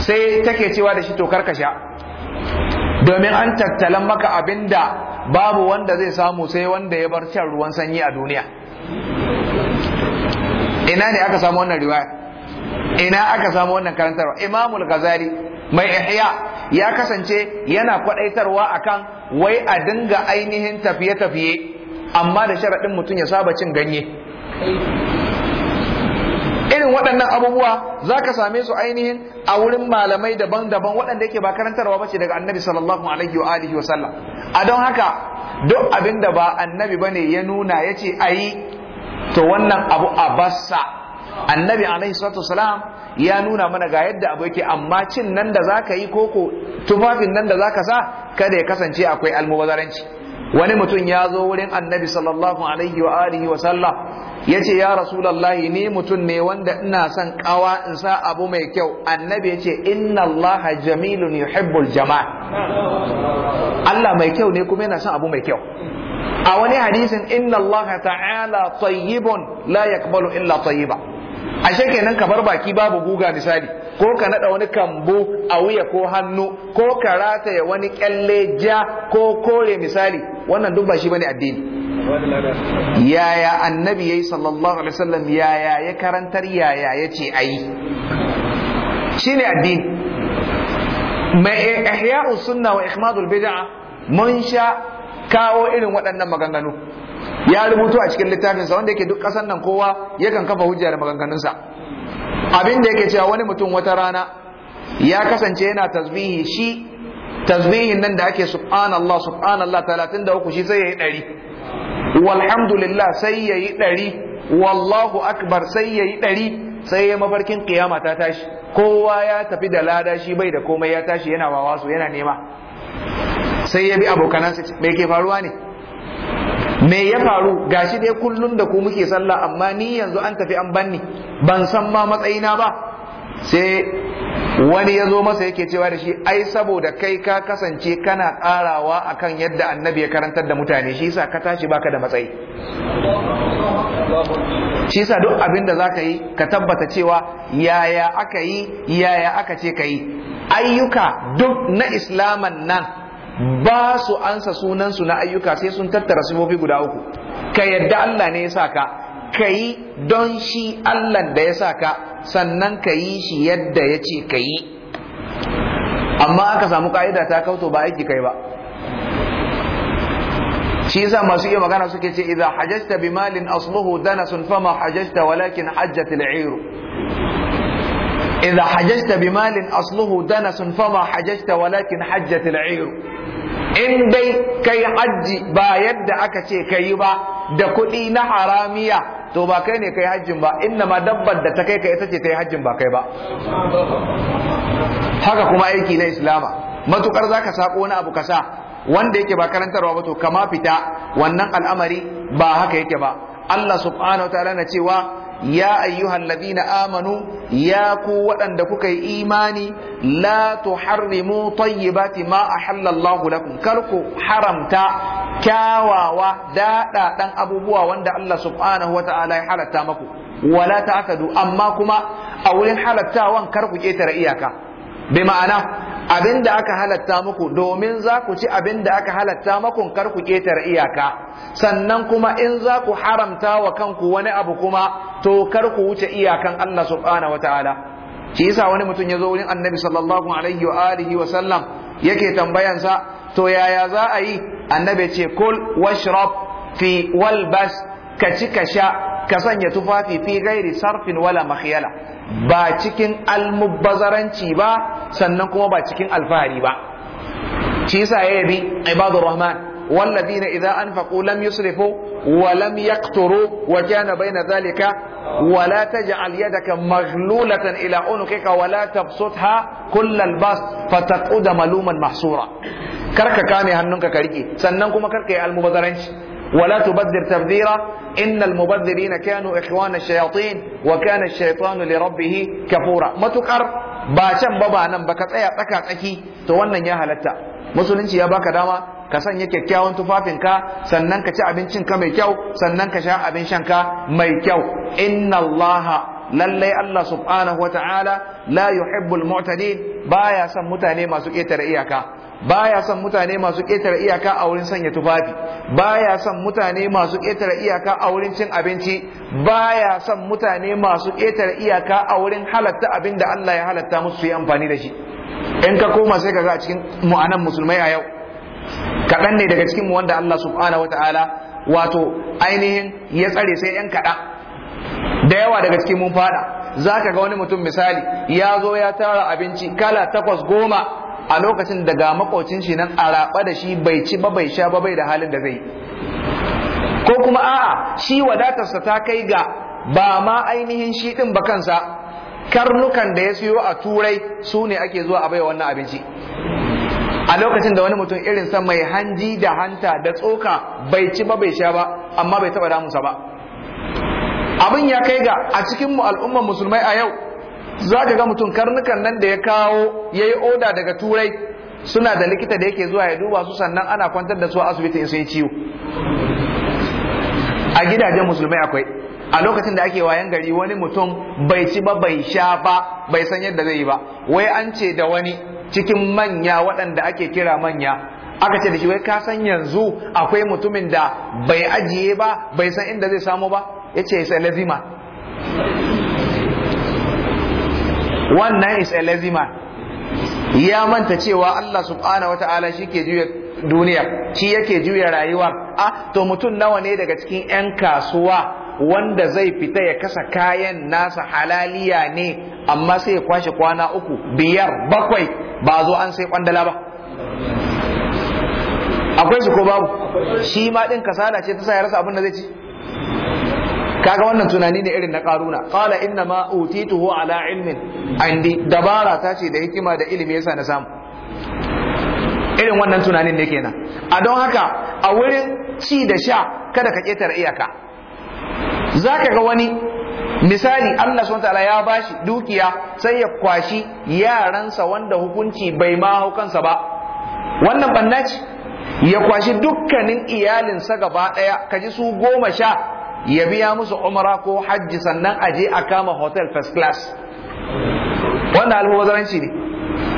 sai take cewa da shi to karkasha domin an tattalan maka abinda babu wanda zai samu sai wanda ya bar shan ruwan sanyi a duniya ina ne aka samu wannan riwaya ina aka samu wannan karantarwa imamul gazali mai ihya ya kasance yana kwadaitarwa akan wai a dinga ainihin tafiye-tafiye amma da sharaɗin mutum ya saba cin ganye irin waɗannan abubuwa za ka same su ainihin a wurin malamai daban-daban waɗanda yake ba karantarwa ba ce daga annabi sallallahu alaihi wa alihi wasallam a don haka duk abin da ba annabi bane ya nuna yace ayi a to wannan abu a bassa annabi alaihi salatu wasalam ya nuna mana ga yadda abu yake amma cin nan da zaka yi koko tufafin nan da zaka sa kada ya kasance akwai almubazaranci wani mutum ya zo wurin annabi sallallahu alaihi wa alihi wa sallam ya ce ya rasulallahi ni mutum ne wanda ina son kawa in sa abu mai kyau annabi ya ce inna allaha jamilun yuhibbul jama'a Allah mai kyau ne kuma yana son abu mai kyau a wani hadisin inna allaha ta'ala tayyibun la yakbalu illa tayyiba ashe kenan bar baki babu guga misali ko ka nada wani kambu a wuya ko hannu ko ka rataya wani kyalle ja ko kore misali wannan duk ba shi bane addini yaya annabi yayi sallallahu alaihi wasallam yaya ya karantar yaya yace ayi shine addini mai ihya'us sunna wa ihmadul bid'a mun sha kawo irin waɗannan maganganu ya rubutu a cikin littafinsa wanda yake duk ƙasan nan kowa yakan kafa hujja da maganganunsa abin da yake cewa wani mutum wata rana ya kasance yana tasbihi shi tasbihin nan da ake subhanallah subhanallah 33 shi sai yayi ɗari walhamdulillah sai yayi ɗari wallahu akbar sai yayi ɗari sai ya mafarkin kiyama ta tashi kowa ya tafi da lada shi bai da komai ya tashi yana wawasu yana nema sai ya bi abokanansa me ke faruwa ne me ya faru gashi dai kullun da ku muke sallah amma ni yanzu an tafi an banni ban san ma matsayina ba sai wani ya zo masa yake cewa da shi ai saboda kai ka kasance kana karawa akan yadda annabi ya karantar da mutane shi yasa ka tashi baka da matsayi shi yasa duk abin da za ka yi ka tabbata cewa yaya aka yi yaya aka ce ka yi ayyuka duk na islaman nan ba su ansa sunansu na ayyuka sai sun tattara sifofi guda uku ka yadda Allah ne ya sa ka ka yi don shi Allah da ya sa ka sannan ka yi shi yadda ya ce ka yi amma aka samu ka'ida ta kauto ba aiki kai ba shi yasa masu iya magana suke ce idza hajjata bi malin asluhu danasun fama hajjata walakin idza bi malin asluhu fama hajjata walakin hajjat al in dai kai hajji ba yadda aka ce ka yi ba da kuɗi na haramiya to ba kai ne kai hajjin ba inna ma dabbar da ta kai ka ita ce ta yi hajjin ba kai ba haka kuma aiki na islama matukar zaka sako wani abu ka sa wanda yake ba karantarwa ba to kama fita wannan al'amari ba haka yake ba Allah subhanahu wa ta'ala na cewa ya ayyuhal na amanu ya ku waɗanda kuka yi imani latu tuharrimu tayyibati ma ahalla Allah lakum kar ku haramta kyawawa daɗaɗan abubuwa wanda Allah subhanahu wa ta'ala ya halarta maku wala ta'tadu amma kuma a wurin halattawan kar ku ketare iyaka bai ma'ana abin da aka halatta muku domin za ku ci abin da aka halatta muku kar ku ƙetare iyaka sannan kuma in za ku haramta wa kanku wani abu kuma to kar ku wuce iyakan Allah subhanahu wataala shi yasa wani mutum ya zo wurin annabi sallallahu alaihi wa sallam yake tambayansa to yaya za a yi annabi ce kul washrab fi walbas ka ci ka sha ka sanya tufafi fi gairi sarfin wala makhyala ba cikin almubazaranci ba sannan kuma ba cikin alfahari ba shi yasa ya yabi ibadur rahman walladina idza anfaqu lam yusrifu wa lam yaqturu wa kana baina dhalika wa la taj'al yadaka maghlulatan ila unukika wa la tabsutha kull albas fataquda maluman mahsura karka kame hannunka karki sannan kuma karka yi almubazaranci ولا تبذر تبذيرا إن المبذرين كانوا إخوان الشياطين وكان الشيطان لربه كفورا ما تكر ba can ba ba nan ba ka tsaya tsaka tsaki to wannan ya halatta musulunci ya baka dama ka sanya kyakkyawan tufafinka sannan ka ci abincin ka mai kyau sannan ka sha abin shan ka mai kyau inna allaha lallai allah subhanahu wa ta'ala la yuhibbul mu'tadin baya son mutane masu ƙetare iyaka baya son mutane masu ƙetare iyaka a wurin sanya tufafi baya son mutane masu ƙetare iyaka a wurin cin abinci baya son mutane masu ƙetare iyaka a wurin halatta abin da Allah ya halatta musu su yi amfani da shi in ka koma sai ka ga cikin mu'anan musulmai a yau kaɗan ne daga cikin mu wanda Allah subhanahu wata'ala wato ainihin ya tsare sai yan kaɗan da yawa daga cikin mun fada za ka ga wani mutum misali ya zo ya tara abinci kala takwas goma a lokacin da ga makocin shi nan a raba da shi bai ci ba bai sha ba bai da halin da zai ko kuma a'a shi wadatarsa ta kai ga ba ma ainihin shi din ba kansa karnukan da ya siyo a turai su ne ake zuwa a baiwa wannan abinci a lokacin da wani mutum irin sa mai hanji da hanta da tsoka bai ci ba bai sha ba amma bai taba damunsa ba abin ya kai ga a cikin mu al'ummar musulmai a yau za ka ga mutum karnukan nan da ya kawo ya yi oda daga turai suna da likita da yake zuwa ya duba su sannan ana kwantar da su a asibiti in sun yi ciwo a gidajen musulmai akwai a lokacin da ake wayan gari wani mutum bai ci ba bai sha ba bai san yadda zai yi ba wai an ce da wani cikin manya waɗanda ake kira manya aka ce da shi wai ka san yanzu akwai mutumin da bai ajiye ba bai san inda zai samu ba ya ce sai lazima wannan is a lazima. ya manta cewa Allah subhanahu shi ke juya duniya shi yake juya rayuwa a ah, to mutum nawa ne daga cikin 'yan kasuwa wanda zai fita ya kasa kayan nasa halaliya ne amma sai ya kwashe kwana uku biyar bakwai ba zo an sai kwandala ba akwai su ko babu shi ma din kasala ce ta sa ya rasa abin da zai ci kaga wannan tunani ne irin na karuna qala inna ma utituhu ala ilmin indi dabara ta ce da hikima da ilimi yasa na samu irin wannan tunanin ne kenan a don haka a wurin ci da sha kada ka ketare iyaka zaka ga wani misali Allah subhanahu ta'ala ya bashi dukiya sai ya kwashi yaransa wanda hukunci bai ma hukansa ba wannan bannaci ya kwashi dukkanin iyalinsa gaba ɗaya kaji su goma sha ya biya musu umara ko hajji sannan a je a kama hotel first class wanda alhubazaranci ne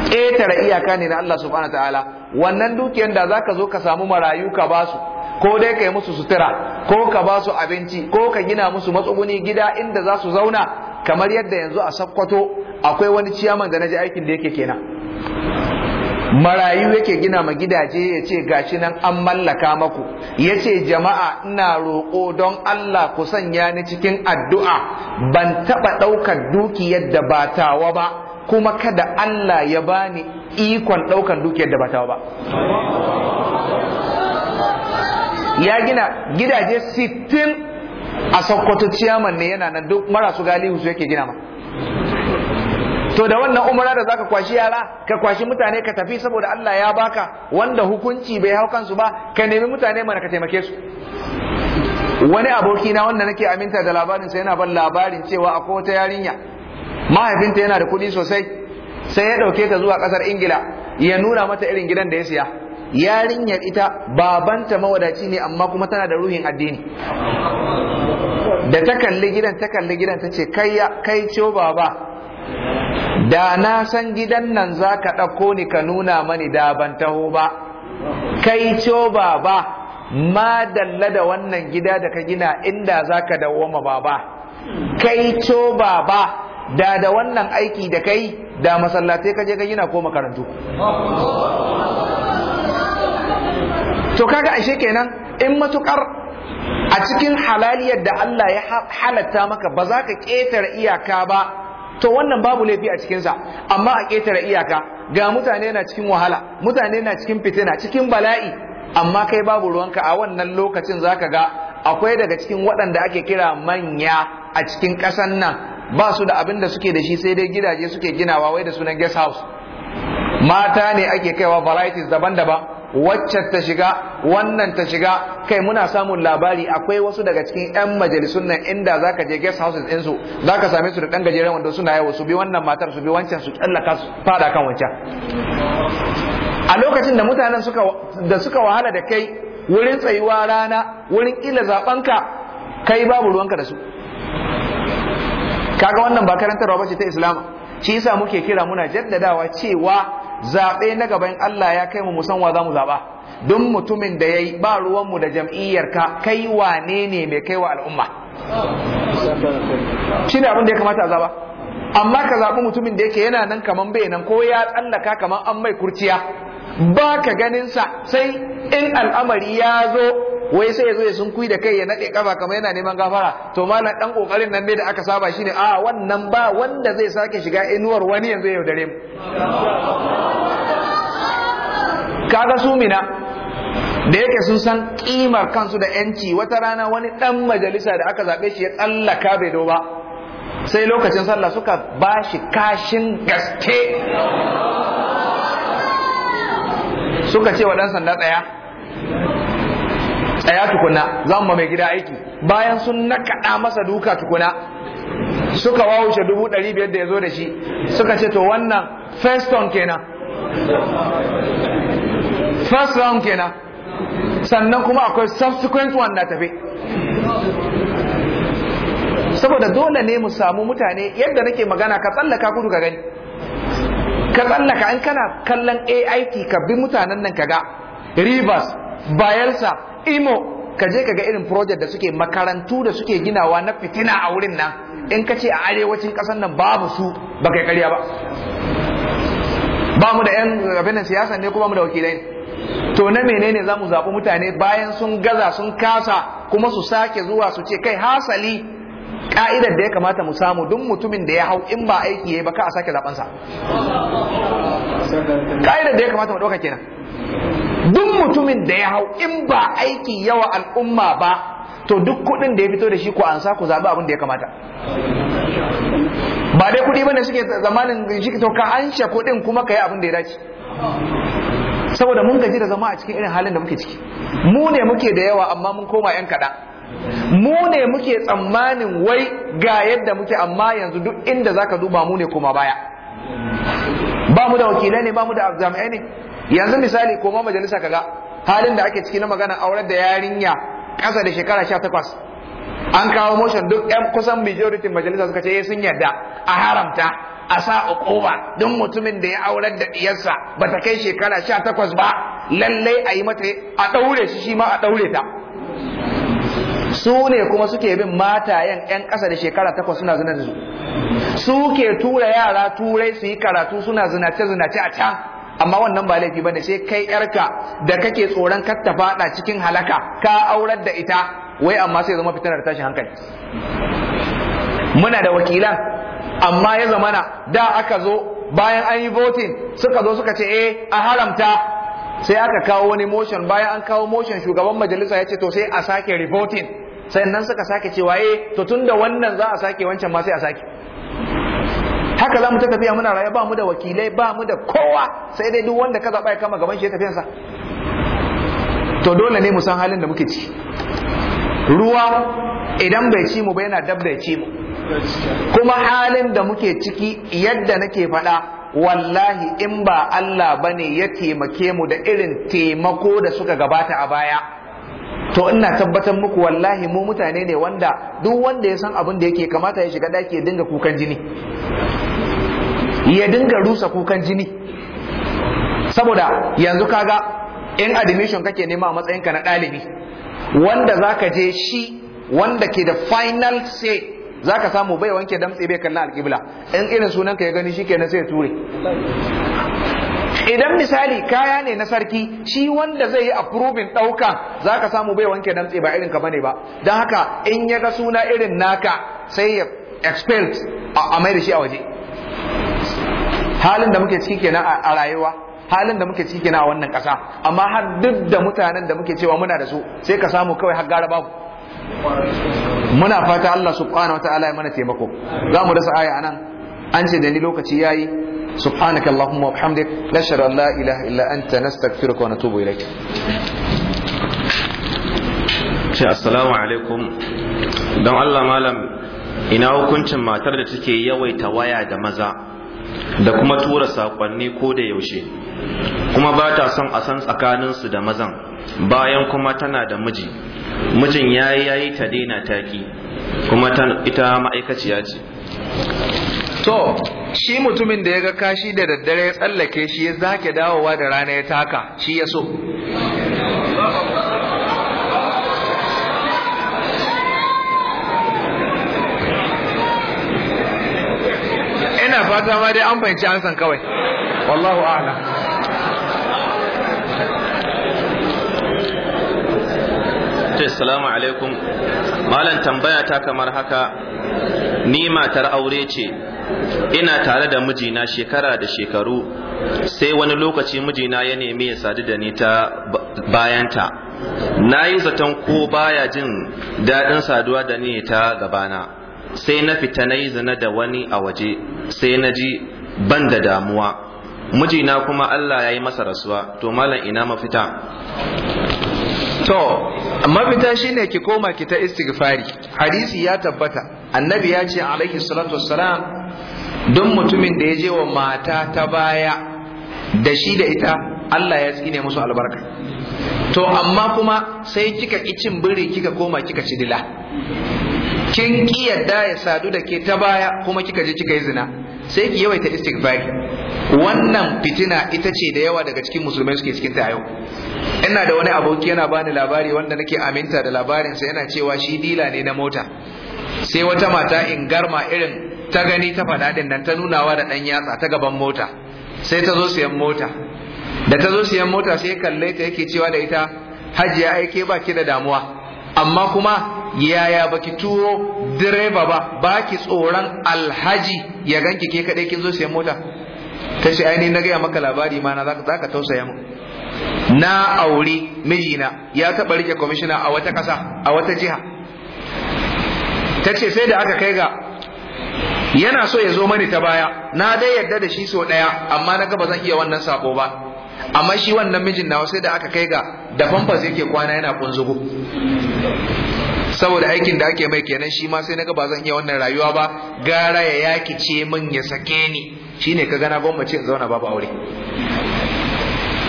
ƙetare iyaka ne na Allah subhanahu ta'ala wannan dukiyar da zaka zo ka samu marayu ka basu, ko dai ka yi musu sutura ko ka basu abinci ko ka gina musu matsuguni gida inda za su zauna kamar yadda yanzu a sakkwato akwai wani ciyaman da na ji aikin da yake kenan marayu yake gina ma gidaje ya ce gashi nan an mallaka maku ya ce jama'a ina roƙo don Allah ku sanya ni cikin addu'a ban taɓa ɗaukar dukiyar da ba tawa ba kuma kada Allah ya bani ikon ɗaukar dukiyar da ba tawa ba ya gina gidaje sittin a sokoto ciyaman ne yana nan duk marasu galihu su yake gina ma to da wannan umara da zaka kwashi yara ka kwashi mutane ka tafi saboda Allah ya baka wanda hukunci bai hau kansu ba ka nemi mutane mana ka taimake su wani aboki na wanda nake aminta da labarin sa yana ban labarin cewa akwai wata yarinya mahaifinta yana da kuɗi sosai sai ya ɗauke ta zuwa ƙasar ingila ya nuna mata irin gidan da ya siya yarinyar ita babanta mawadaci ne amma kuma tana da ruhin addini da ta kalli gidan ta kalli gidan ta ce kai ce baba da na san gidan nan za ka ɗauko ni ka nuna mani da ban taho ba kai co ba, ma dalla da wannan gida da ka gina inda za ka dawoma baba kai co ba, da da wannan aiki da kai da masallatai ka je ka gina ko makarantu to kaga ashe kenan in matukar a cikin halaliyar da Allah ya halatta maka ba za ka ƙetare iyaka ba to wannan babu laifi a cikinsa amma a ƙetare iyaka ga mutane na cikin wahala mutane na cikin fitina cikin bala'i amma kai babu ruwanka a wannan lokacin zaka ga akwai daga cikin waɗanda ake kira manya a cikin ƙasan nan ba su da abin da suke da shi sai dai gidaje suke ginawa wai da sunan guest house mata ne ake kaiwa varieties daban-daban wacce ta shiga wannan ta shiga kai muna samun labari akwai wasu daga cikin yan majalisun nan inda zaka je guest houses din su zaka same su da dan gajeren wanda suna yawo su bi wannan matar su bi wancan su tsallaka su fada kan wancan a lokacin da mutanen suka da suka wahala da kai wurin tsayuwa rana wurin kila zabanka kai babu ruwanka da su kaga wannan ba karantarwa bace ta islama shi yasa muke kira muna jaddadawa cewa zaɓe na gaban Allah ya kai mu musan wa za mu zaɓa duk mutumin da ya yi ba ruwanmu da jam'iyyar ka kai wane ne mai kai wa al'umma shi ne abin da ya kamata a zaba amma ka zaɓi mutumin da yake yana nan kaman bai nan ko ya tsallaka kaman an mai kurciya ba ka ganinsa sai in al'amari ya zo wai sai ya zo ya kui da kai ya naɗe ƙafa kamar yana neman gafara to malam ɗan ƙoƙarin nan ne da aka saba shi shine a wannan ba wanda zai sake shiga inuwar wani yanzu yau dare mu kaga su mina da yake sun san kimar kansu da yanci wata rana wani dan majalisa da aka zaɓe shi ya tsallaka bai doba, sai lokacin sallah suka ba shi kashin gaske suka ce wa dan sanda tsaya tsaya tukuna za mu mai gida aiki bayan sun nakaɗa masa duka tukuna suka wawuce dubu ɗari biyar da ya zo da shi suka ce to wannan first round kenan first round kenan sannan kuma akwai subsequent one na tafe saboda dole ne mu samu mutane yadda nake magana ka tsallaka kudu ka gani ka tsallaka in kana kallon AIT ka bi mutanen nan kaga Rivers Bayelsa Imo ka je ka ga irin project da suke makarantu da suke ginawa na fitina a wurin nan in ka ce a arewacin kasan nan babu su ba kai karya ba ba mu da yan abinan siyasa ne kuma mu da wakilai to na menene za mu zaɓi mutane bayan sun gaza sun kasa kuma su sake zuwa su ce kai hasali ka'idar da ya kamata mu samu duk mutumin da ya hau in ba aiki ya yi ba ka a sake zaɓensa ka'idar da ya kamata mu ɗauka kenan duk mutumin da ya hau in ba aiki yawa al'umma ba to duk kuɗin da ya fito da shi ku ansa ku zaɓi abin da ya kamata ba dai kuɗi ne suke zamanin shi to ka ansha kuɗin kuma ka yi abin da ya dace saboda mun gaji da zama a cikin irin halin da muke ciki mu ne muke da yawa amma mun koma yan kaɗa. mu ne muke tsammanin wai ga yadda muke amma yanzu duk inda zaka duba mu ne koma baya ba mu da wakilai ne ba mu da jami'ai ne yanzu misali koma majalisa kaga halin da ake ciki na magana aurar da yarinya ƙasa da shekara sha takwas an kawo motion duk yan kusan majority majalisa suka ce eh, sun yarda a haramta a sa uquba don mutumin da ya aurar da diyarsa ba ta kai shekara sha takwas ba lallai a yi mata a ɗaure shi shi ma a ɗaure ta su ne kuma suke bin matayen 'yan ƙasa da shekara takwas suna zina su su tura yara turai su yi karatu suna zinace-zinace a can amma wannan ba laifi bane sai kai yarka da kake tsoron kar ta fada cikin halaka ka aurar da ita wai amma sai zama fitinar tashin hankali muna da wakilan amma ya zamana da aka zo bayan an yi voting suka zo suka ce eh a haramta sai aka kawo wani motion bayan an kawo motion shugaban majalisa ya ce to sai a sake reporting sai nan suka sake cewa eh to tunda wannan za a sake wancan ma sai a sake haka za mu ta tafiya muna raye ba mu da wakilai ba mu da kowa sai dai duk wanda ka zaɓa ya kama gaban shi ya tafiyansa to dole ne mu san halin da muke ci ruwa idan bai ci mu ba yana dab da ya ci mu kuma halin da muke ciki yadda nake faɗa wallahi in ba Allah bane ya taimake mu da irin taimako da suka gabata a baya to ina tabbatar muku wallahi mu mutane ne wanda duk wanda ya san abin da yake kamata ya shiga daki ya dinga kukan jini ya dinga rusa kukan jini saboda yanzu kaga in admission kake nema a matsayinka na ɗalibi wanda zaka je shi wanda ke da final say Za ka samu bai wanke damtse bai kalla alƙibla in irin sunan ka ya gani shikenan sai ya ture idan misali kaya ne na sarki shi wanda zai yi approving ɗauka za ka samu bai wanke damtse ba irin ka bane ba don haka in ya ga suna irin naka sai ya expelled a mai da shi a waje halin da muke ciki kenan a rayuwa halin da muke ciki na a wannan ƙasa amma har duk da mutanen da muke cewa muna da su sai ka samu kawai har gara babu muna fata Allah subhanahu wa ta'ala ya mana taimako za mu rasa aya anan an ce da ni lokaci yayi subhanaka allahumma wa bihamdik nashhadu an la ilaha illa anta nastaghfiruka wa natubu ilaik ce assalamu alaikum don Allah malam ina hukuncin matar da take yawaita waya da maza da kuma tura sakonni ko da yaushe kuma ba ta son a san tsakaninsu da mazan bayan kuma tana da miji mijin ya yi ya yi ta daina taki kuma ita ma'aikaciya ce to shi mutumin da ya ga kashi da daddare ya tsallake shi ya zake dawowa da rana ya taka shi ya so ina fata ma dai an fahimci an san kawai wallahu a'lam assalamu alaikum malam tambaya ta kamar haka ni matar aure ce ina tare da mijina shekara da shekaru sai wani lokaci mijina ya nemi ya sadu da ni ta bayanta na yi zaton ko baya jin daɗin saduwa da ni ta gabana sai na fita na yi zina da wani a waje sai na ji ban da damuwa mijina kuma Allah ya yi masa rasuwa to malam ina mafita to mafita shine ki koma ki ta istighfari hadisi ya tabbata annabi ya ce alaihi salatu wassalam don mutumin da ya je wa mata ta baya da shi da ita Allah ya tsine musu albarka to amma kuma sai kika ki biri kika koma kika ci dila kin ki yadda ya sadu da ke ta baya kuma kika je kika yi zina sai ki yawaita istighfar wannan fitina ita ce da yawa daga cikin musulmai suke cikin ta yau ina da wani aboki yana bani labari wanda nake aminta da labarin sa yana cewa shi dila ne na mota sai wata mata in garma irin ta gani ta faɗa din nan ta nunawa da ɗan yatsa ta gaban mota sai ta zo siyan mota da ta zo siyan mota sai kalle ta yake cewa da ita hajiya aike baki da damuwa amma kuma yaya baki turo direba ba baki tsoron alhaji ya ganki ke kadai kin zo sayan mota ta ce ainihin na gaya maka labari ma na za ka tausaya mu na aure mijina ya taɓa rike kwamishina a wata ƙasa a wata jiha ta ce sai da aka kai ga yana so ya zo mani ta baya na dai yadda da shi so ɗaya amma na ga ba zan iya wannan sako ba amma shi wannan mijin nawa sai da aka kai ga da famfas yake kwana yana kunzugu saboda aikin da ake mai kenan shi ma sai naga ba zan iya wannan rayuwa ba gara ya yaki ce min ya sake ni shine ka gana gwamnati ce zauna babu aure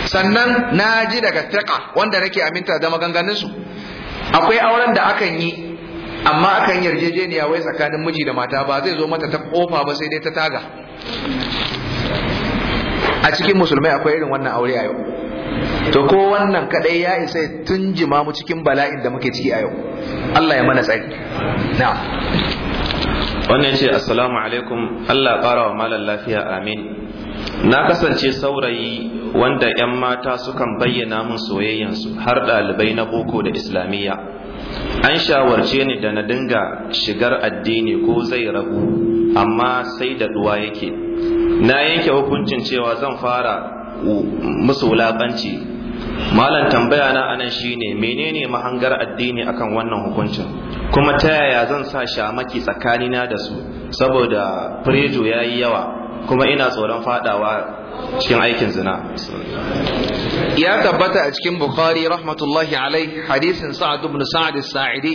sannan na ji daga taƙa wanda nake aminta da su akwai auren da akan yi amma akan yarjejeniya wai tsakanin miji da mata ba zai zo mata ta kofa ba sai dai ta taga a cikin musulmai akwai irin wannan aure a yau to ko wannan kadai ya isa tun jima mu cikin bala'in da muke ciki a yau Allah ya mana tsari wannan ce assalamu alaikum Allah ƙara wa malam lafiya amin na kasance saurayi wanda 'yan mata sukan bayyana min soyayyansu har ɗalibai na boko da islamiyya an shawarce ni da na dinga shigar addini ko zai rabu amma sai da duwa yake na yanke hukuncin cewa zan fara musu wulaƙanci malam tambaya na anan shine menene mahangar addini akan wannan hukuncin kuma ta yaya zan sa shamaki tsakanina da su saboda prejo ya yi yawa kuma ina tsoron fadawa cikin aikin zina ya tabbata a cikin bukhari rahmatullahi alai hadisin sa'ad ibn sa'ad saidi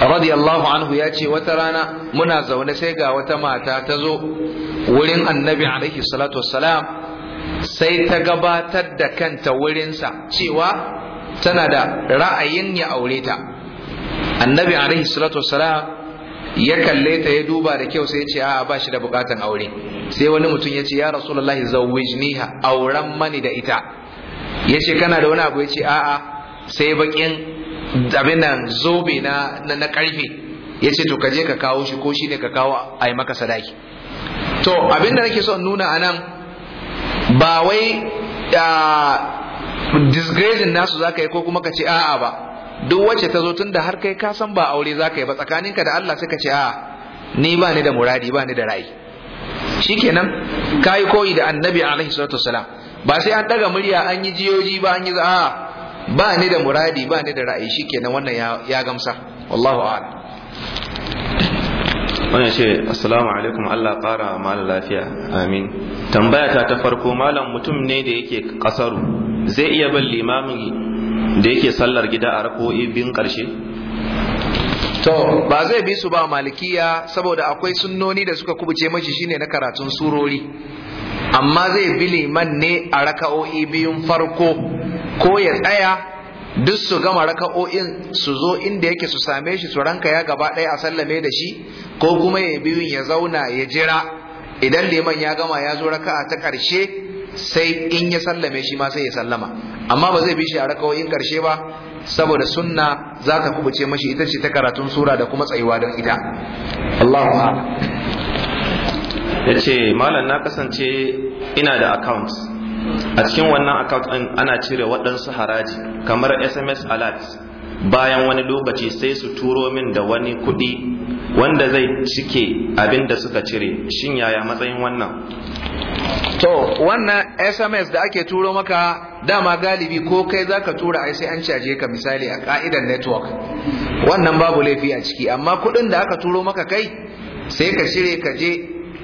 radiyallahu anhu ya ce wata rana muna zaune sai ga wata mata ta zo wurin annabi alaihi salatu wassalam sai ta gabatar da kanta wurinsa cewa tana da ra'ayin ya aure ta annabi alaihi salatu wasalam ya kalle ta ya duba da kyau sai ya ce a'a ba shi da bukatan aure sai wani mutum ya ce ya rasulullahi zawwijniha auren mani da ita ya ce kana da wani abu ya ce a'a sai bakin abin nan zobe na na karfe ya ce to ka je ka kawo shi ko shi ne ka kawo a maka sadaki to abin da nake son nuna anan ba wai disgracing nasu ka yi ko kuma ka ce a'a ba duk wacce ta zo tun da har kai ka san ba aure za ka yi ba tsakaninka da Allah sai ka ce a'a ni ba ni da muradi ba ni da ra'ayi shikenan kai koyi da annabi alaihi salatu wasalam ba sai an daga murya an yi jiyoji ba an yi a'a ba ni da muradi ba ni da ra'ayi shikenan wannan ya gamsa wallahu a'lam wannan ce assalamu alaikum Allah ƙara mal lafiya amin tambaya ta ta farko malam mutum ne da yake kasaru zai iya bin limamin da yake sallar gida a rako'i bin ƙarshe to ba zai bi su ba malikiya saboda akwai sunnoni da suka kubuce mashi shine na karatun surori amma zai bi liman ne a raka'o'i biyun farko ko ya tsaya duk su gama raka'o'in su zo inda yake su same shi su ranka ya gaba ɗaya a sallame da shi ko kuma ya biyu ya zauna ya jira idan liman ya gama ya zo raka'a ta ƙarshe sai in ya sallame shi ma sai ya sallama amma ba zai bi shi a raka'o'in ƙarshe ba saboda sunna za ka kubuce mashi ita ce ta karatun sura da kuma tsayuwa don ita Allahu ya ce malam na kasance ina da account a cikin wannan account ɗin ana cire waɗansu haraji kamar sms alert bayan wani lokaci sai su turo min da wani kuɗi wanda zai cike abin da suka cire shin yaya matsayin wannan to wannan sms da ake turo maka dama galibi ko kai zaka tura ai sai an caje ka misali a ka'idar network wannan babu laifi a ciki amma kuɗin da aka turo maka kai sai ka cire ka je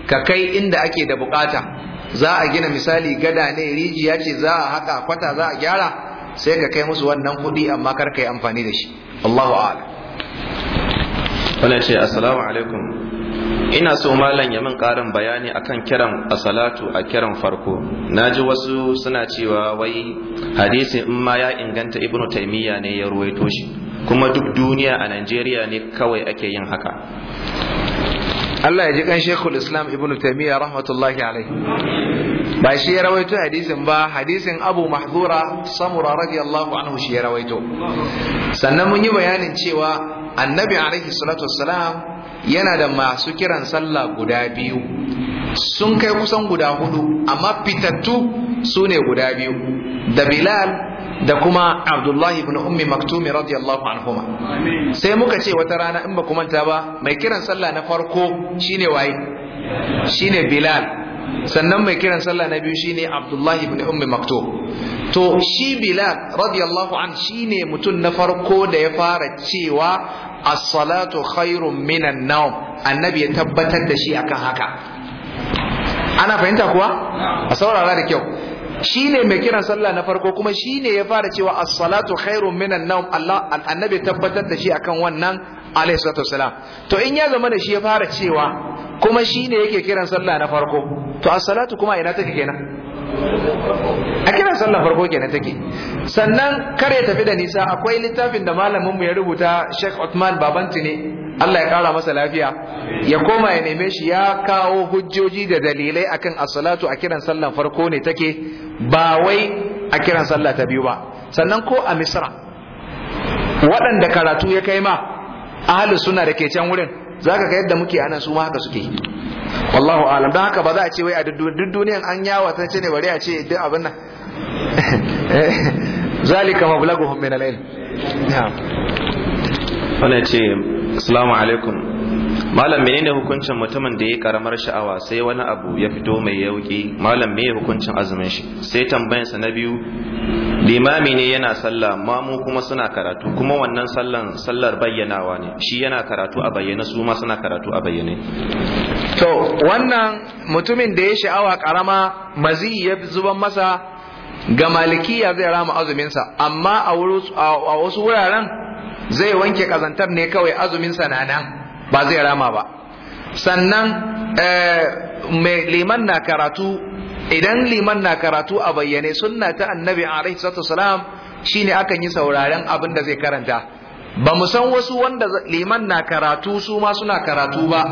ka kai inda ake da bukata za a gina misali gada ne rijiya ce za a haka kwata za a gyara sai ka kai musu wannan kuɗi amma kar ka yi amfani da shi Allahu a'lam wannan ce assalamu alaikum ina so malam ya min karin bayani akan kiran asalatu a kiran farko na ji wasu suna cewa wai hadisi in ma ya inganta ibnu Taimiyya ne ya ruwaito shi kuma duk duniya a Najeriya ne kawai ake yin haka Allah ya ji kan Sheikhul Islam Ibn Taymiyyah rahmatullahi alaihi ba shi ya rawaito hadisin ba hadisin Abu Mahdura Samura radiyallahu anhu shi ya rawaito sannan mun yi bayanin cewa Annabi alaihi salatu wassalam yana da masu kiran sallah guda biyu sun kai kusan guda hudu amma fitattu su ne guda biyu da Bilal da kuma abdullahi ibn ummi maktumi radiyallahu anhuma sai muka ce wata rana in ba manta ba mai kiran sallah na farko shine waye shine bilal sannan mai kiran sallah na biyu shine abdullahi ibn ummi maktum to shi bilal radiyallahu an shine mutum na farko da ya fara cewa as-salatu khairun minan nawm annabi ya tabbatar da shi akan haka ana fahimta kuwa a saurara da kyau shine mai kiran sallah na farko kuma shine ya fara cewa as-salatu khairun minan nawm Allah annabi tabbatar da shi akan wannan alayhi salatu wasalam to in ya zama da shi ya fara cewa kuma shine yake kiran sallah na farko to as-salatu kuma ina take kenan a kiran sallah farko kenan take sannan kar ya tafi da nisa akwai littafin da malamin mu ya rubuta Sheikh Uthman Babanti ne Allah ya kara masa lafiya ya koma ya neme shi ya kawo hujjoji da dalilai akan as-salatu a kiran sallan farko ne take ba wai a kiran sallah ta biyu ba sannan ko a misra waɗanda karatu ya kai ma ahalus suna da ke can wurin zaka ga yadda muke ana su ma haka suke wallahu alam don haka ba za a ce wai a duk duniyan an yawa ta ce ne bari a ce duk abin nan zalika mablaguhum min al-ilm na'am wannan ce assalamu alaikum malam menene hukuncin mutumin da ya karamar sha'awa sai wani abu ya fito mai yauki malam me hukuncin azumin shi sai tambayan sa na biyu limami ne yana sallah mamu kuma suna karatu kuma wannan sallan sallar bayyanawa ne shi yana karatu a bayyane su ma suna karatu a bayyane to wannan mutumin da ya sha'awa karama mazi ya zuban masa ga malikiya zai rama azumin sa amma a wasu wuraren zai wanke kazantar ne kawai azumin sa na nan ba zai rama ba sannan eh, mai liman na karatu idan liman na karatu a bayyane sunna ta annabi alaihi salatu salam shine akan yi sauraren abin da zai karanta ba mu san wasu wanda liman na karatu su ma suna karatu ba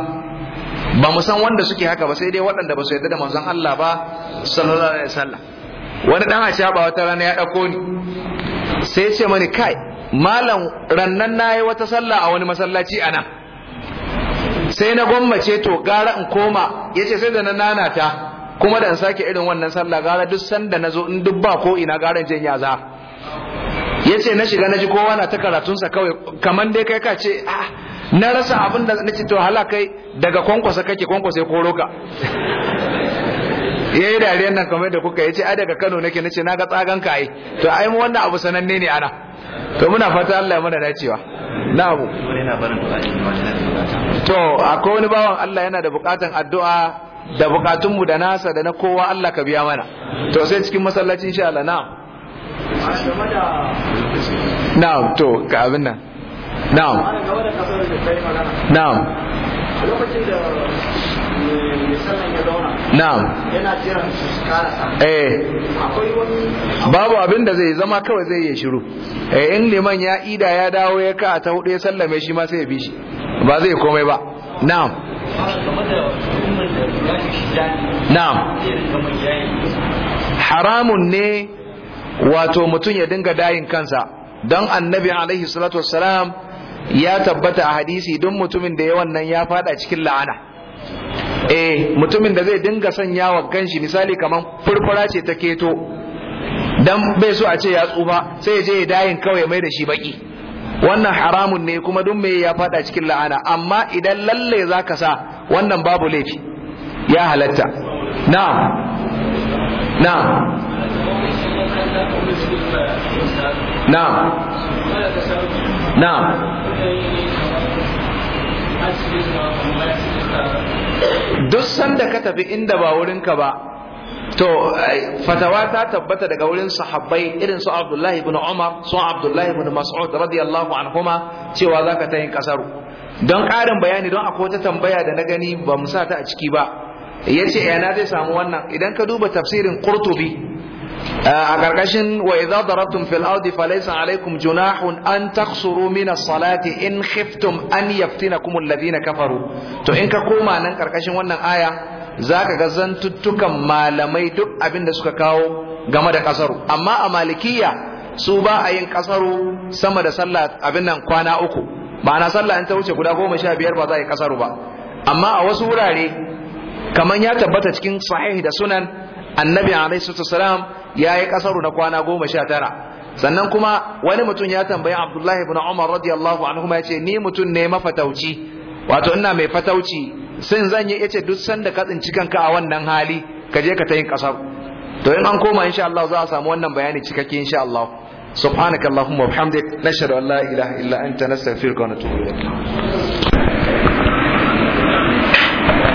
ba mu san wanda suke haka ba sai dai waɗanda ba su yarda da manzon Allah ba sallallahu alaihi wasallam wani dan a ba wata rana ya ɗauko ni sai ya ce mani kai malam rannan nayi wata sallah a wani masallaci anan sai na gwammace to gara in koma yace sai da na nanata kuma da in sake irin wannan sallah gara duk sanda na zo in duk ba ko ina gara jin ya yace na shiga na ji kowa na ta karatunsa kawai kamar dai kai ka ce ah na rasa abin da ce to hala kai daga kwankwasa kake kwankwasa koro ka Ya yi dariyar nan kamar da kuka yace ai daga Kano nake nace na ga tsagan kayi to ai mu wannan abu sananne ne ana to muna fata Allah ya mana dacewa na abu to akwai wani bawan Allah yana da bukatan addu'a da bukatunmu da nasa da na kowa Allah ka biya mana to sai cikin masallaci insha Allah na na to ga abin nan na na lokacin da na'am yana jiran su karasa eh akwai wani babu abin da zai zama kawai zai yi shiru eh in liman ya ida ya dawo ya ka ta hudu ya sallame shi ma sai ya bi shi ba zai komai ba na'am na'am haramun ne wato mutum ya dinga dayin kansa don annabi alaihi salatu wassalam ya tabbata a hadisi don mutumin da ya wannan ya fada cikin la'ana Eh, eh mutumin da zai dinga sanya wa ganshi misali kaman furfura ce ta keto dan bai so a ce ya tsufa sai ya je ya dayin kawai mai da shi baki wannan haramun ne kuma duk mai ya fada cikin la'ana amma idan lalle zaka sa wannan babu laifi ya halatta na na na na duk sanda ka tafi inda ba wurinka ba to eh, fatawa ta tabbata daga wurin sahabbai irin su Abdullahi ibn Umar su Abdullahi ibn Mas'ud radiyallahu anhuma cewa zaka ta yin kasaru don ƙarin bayani don akwai wata tambaya da na gani ba mu sa ta a ciki ba yace yana eh, zai samu wannan idan ka duba tafsirin Qurtubi a ƙarƙashin wa idza darabtum fil ardi falaysa alaykum junahun an taqsuru min as-salati in khiftum an yaftinakum alladhina kafaru to in ka koma nan ƙarƙashin wannan aya zaka ga zantuttukan malamai duk abin da suka kawo game da kasaru amma a malikiyya su ba a yin kasaru sama da sallah abin nan kwana uku ma'ana sallah in ta wuce guda goma sha biyar ba za a yi kasaru ba amma a wasu wurare kamar ya tabbata cikin sahih da sunan annabi alaihi salam ya yi kasaru na kwana goma sha tara sannan kuma wani mutum ya tambayi abdullahi ibn umar radiyallahu anhu ya ce ni mutum ne mafatauci wato ina mai fatauci sun zan yi yace duk sanda ka tsinci kanka a wannan hali ka je ka ta yin kasar to in an koma insha Allah za a samu wannan bayani cikakke insha Allah subhanakallahumma wa bihamdik nashhadu an la ilaha illa anta nastaghfiruka wa natubu ilayk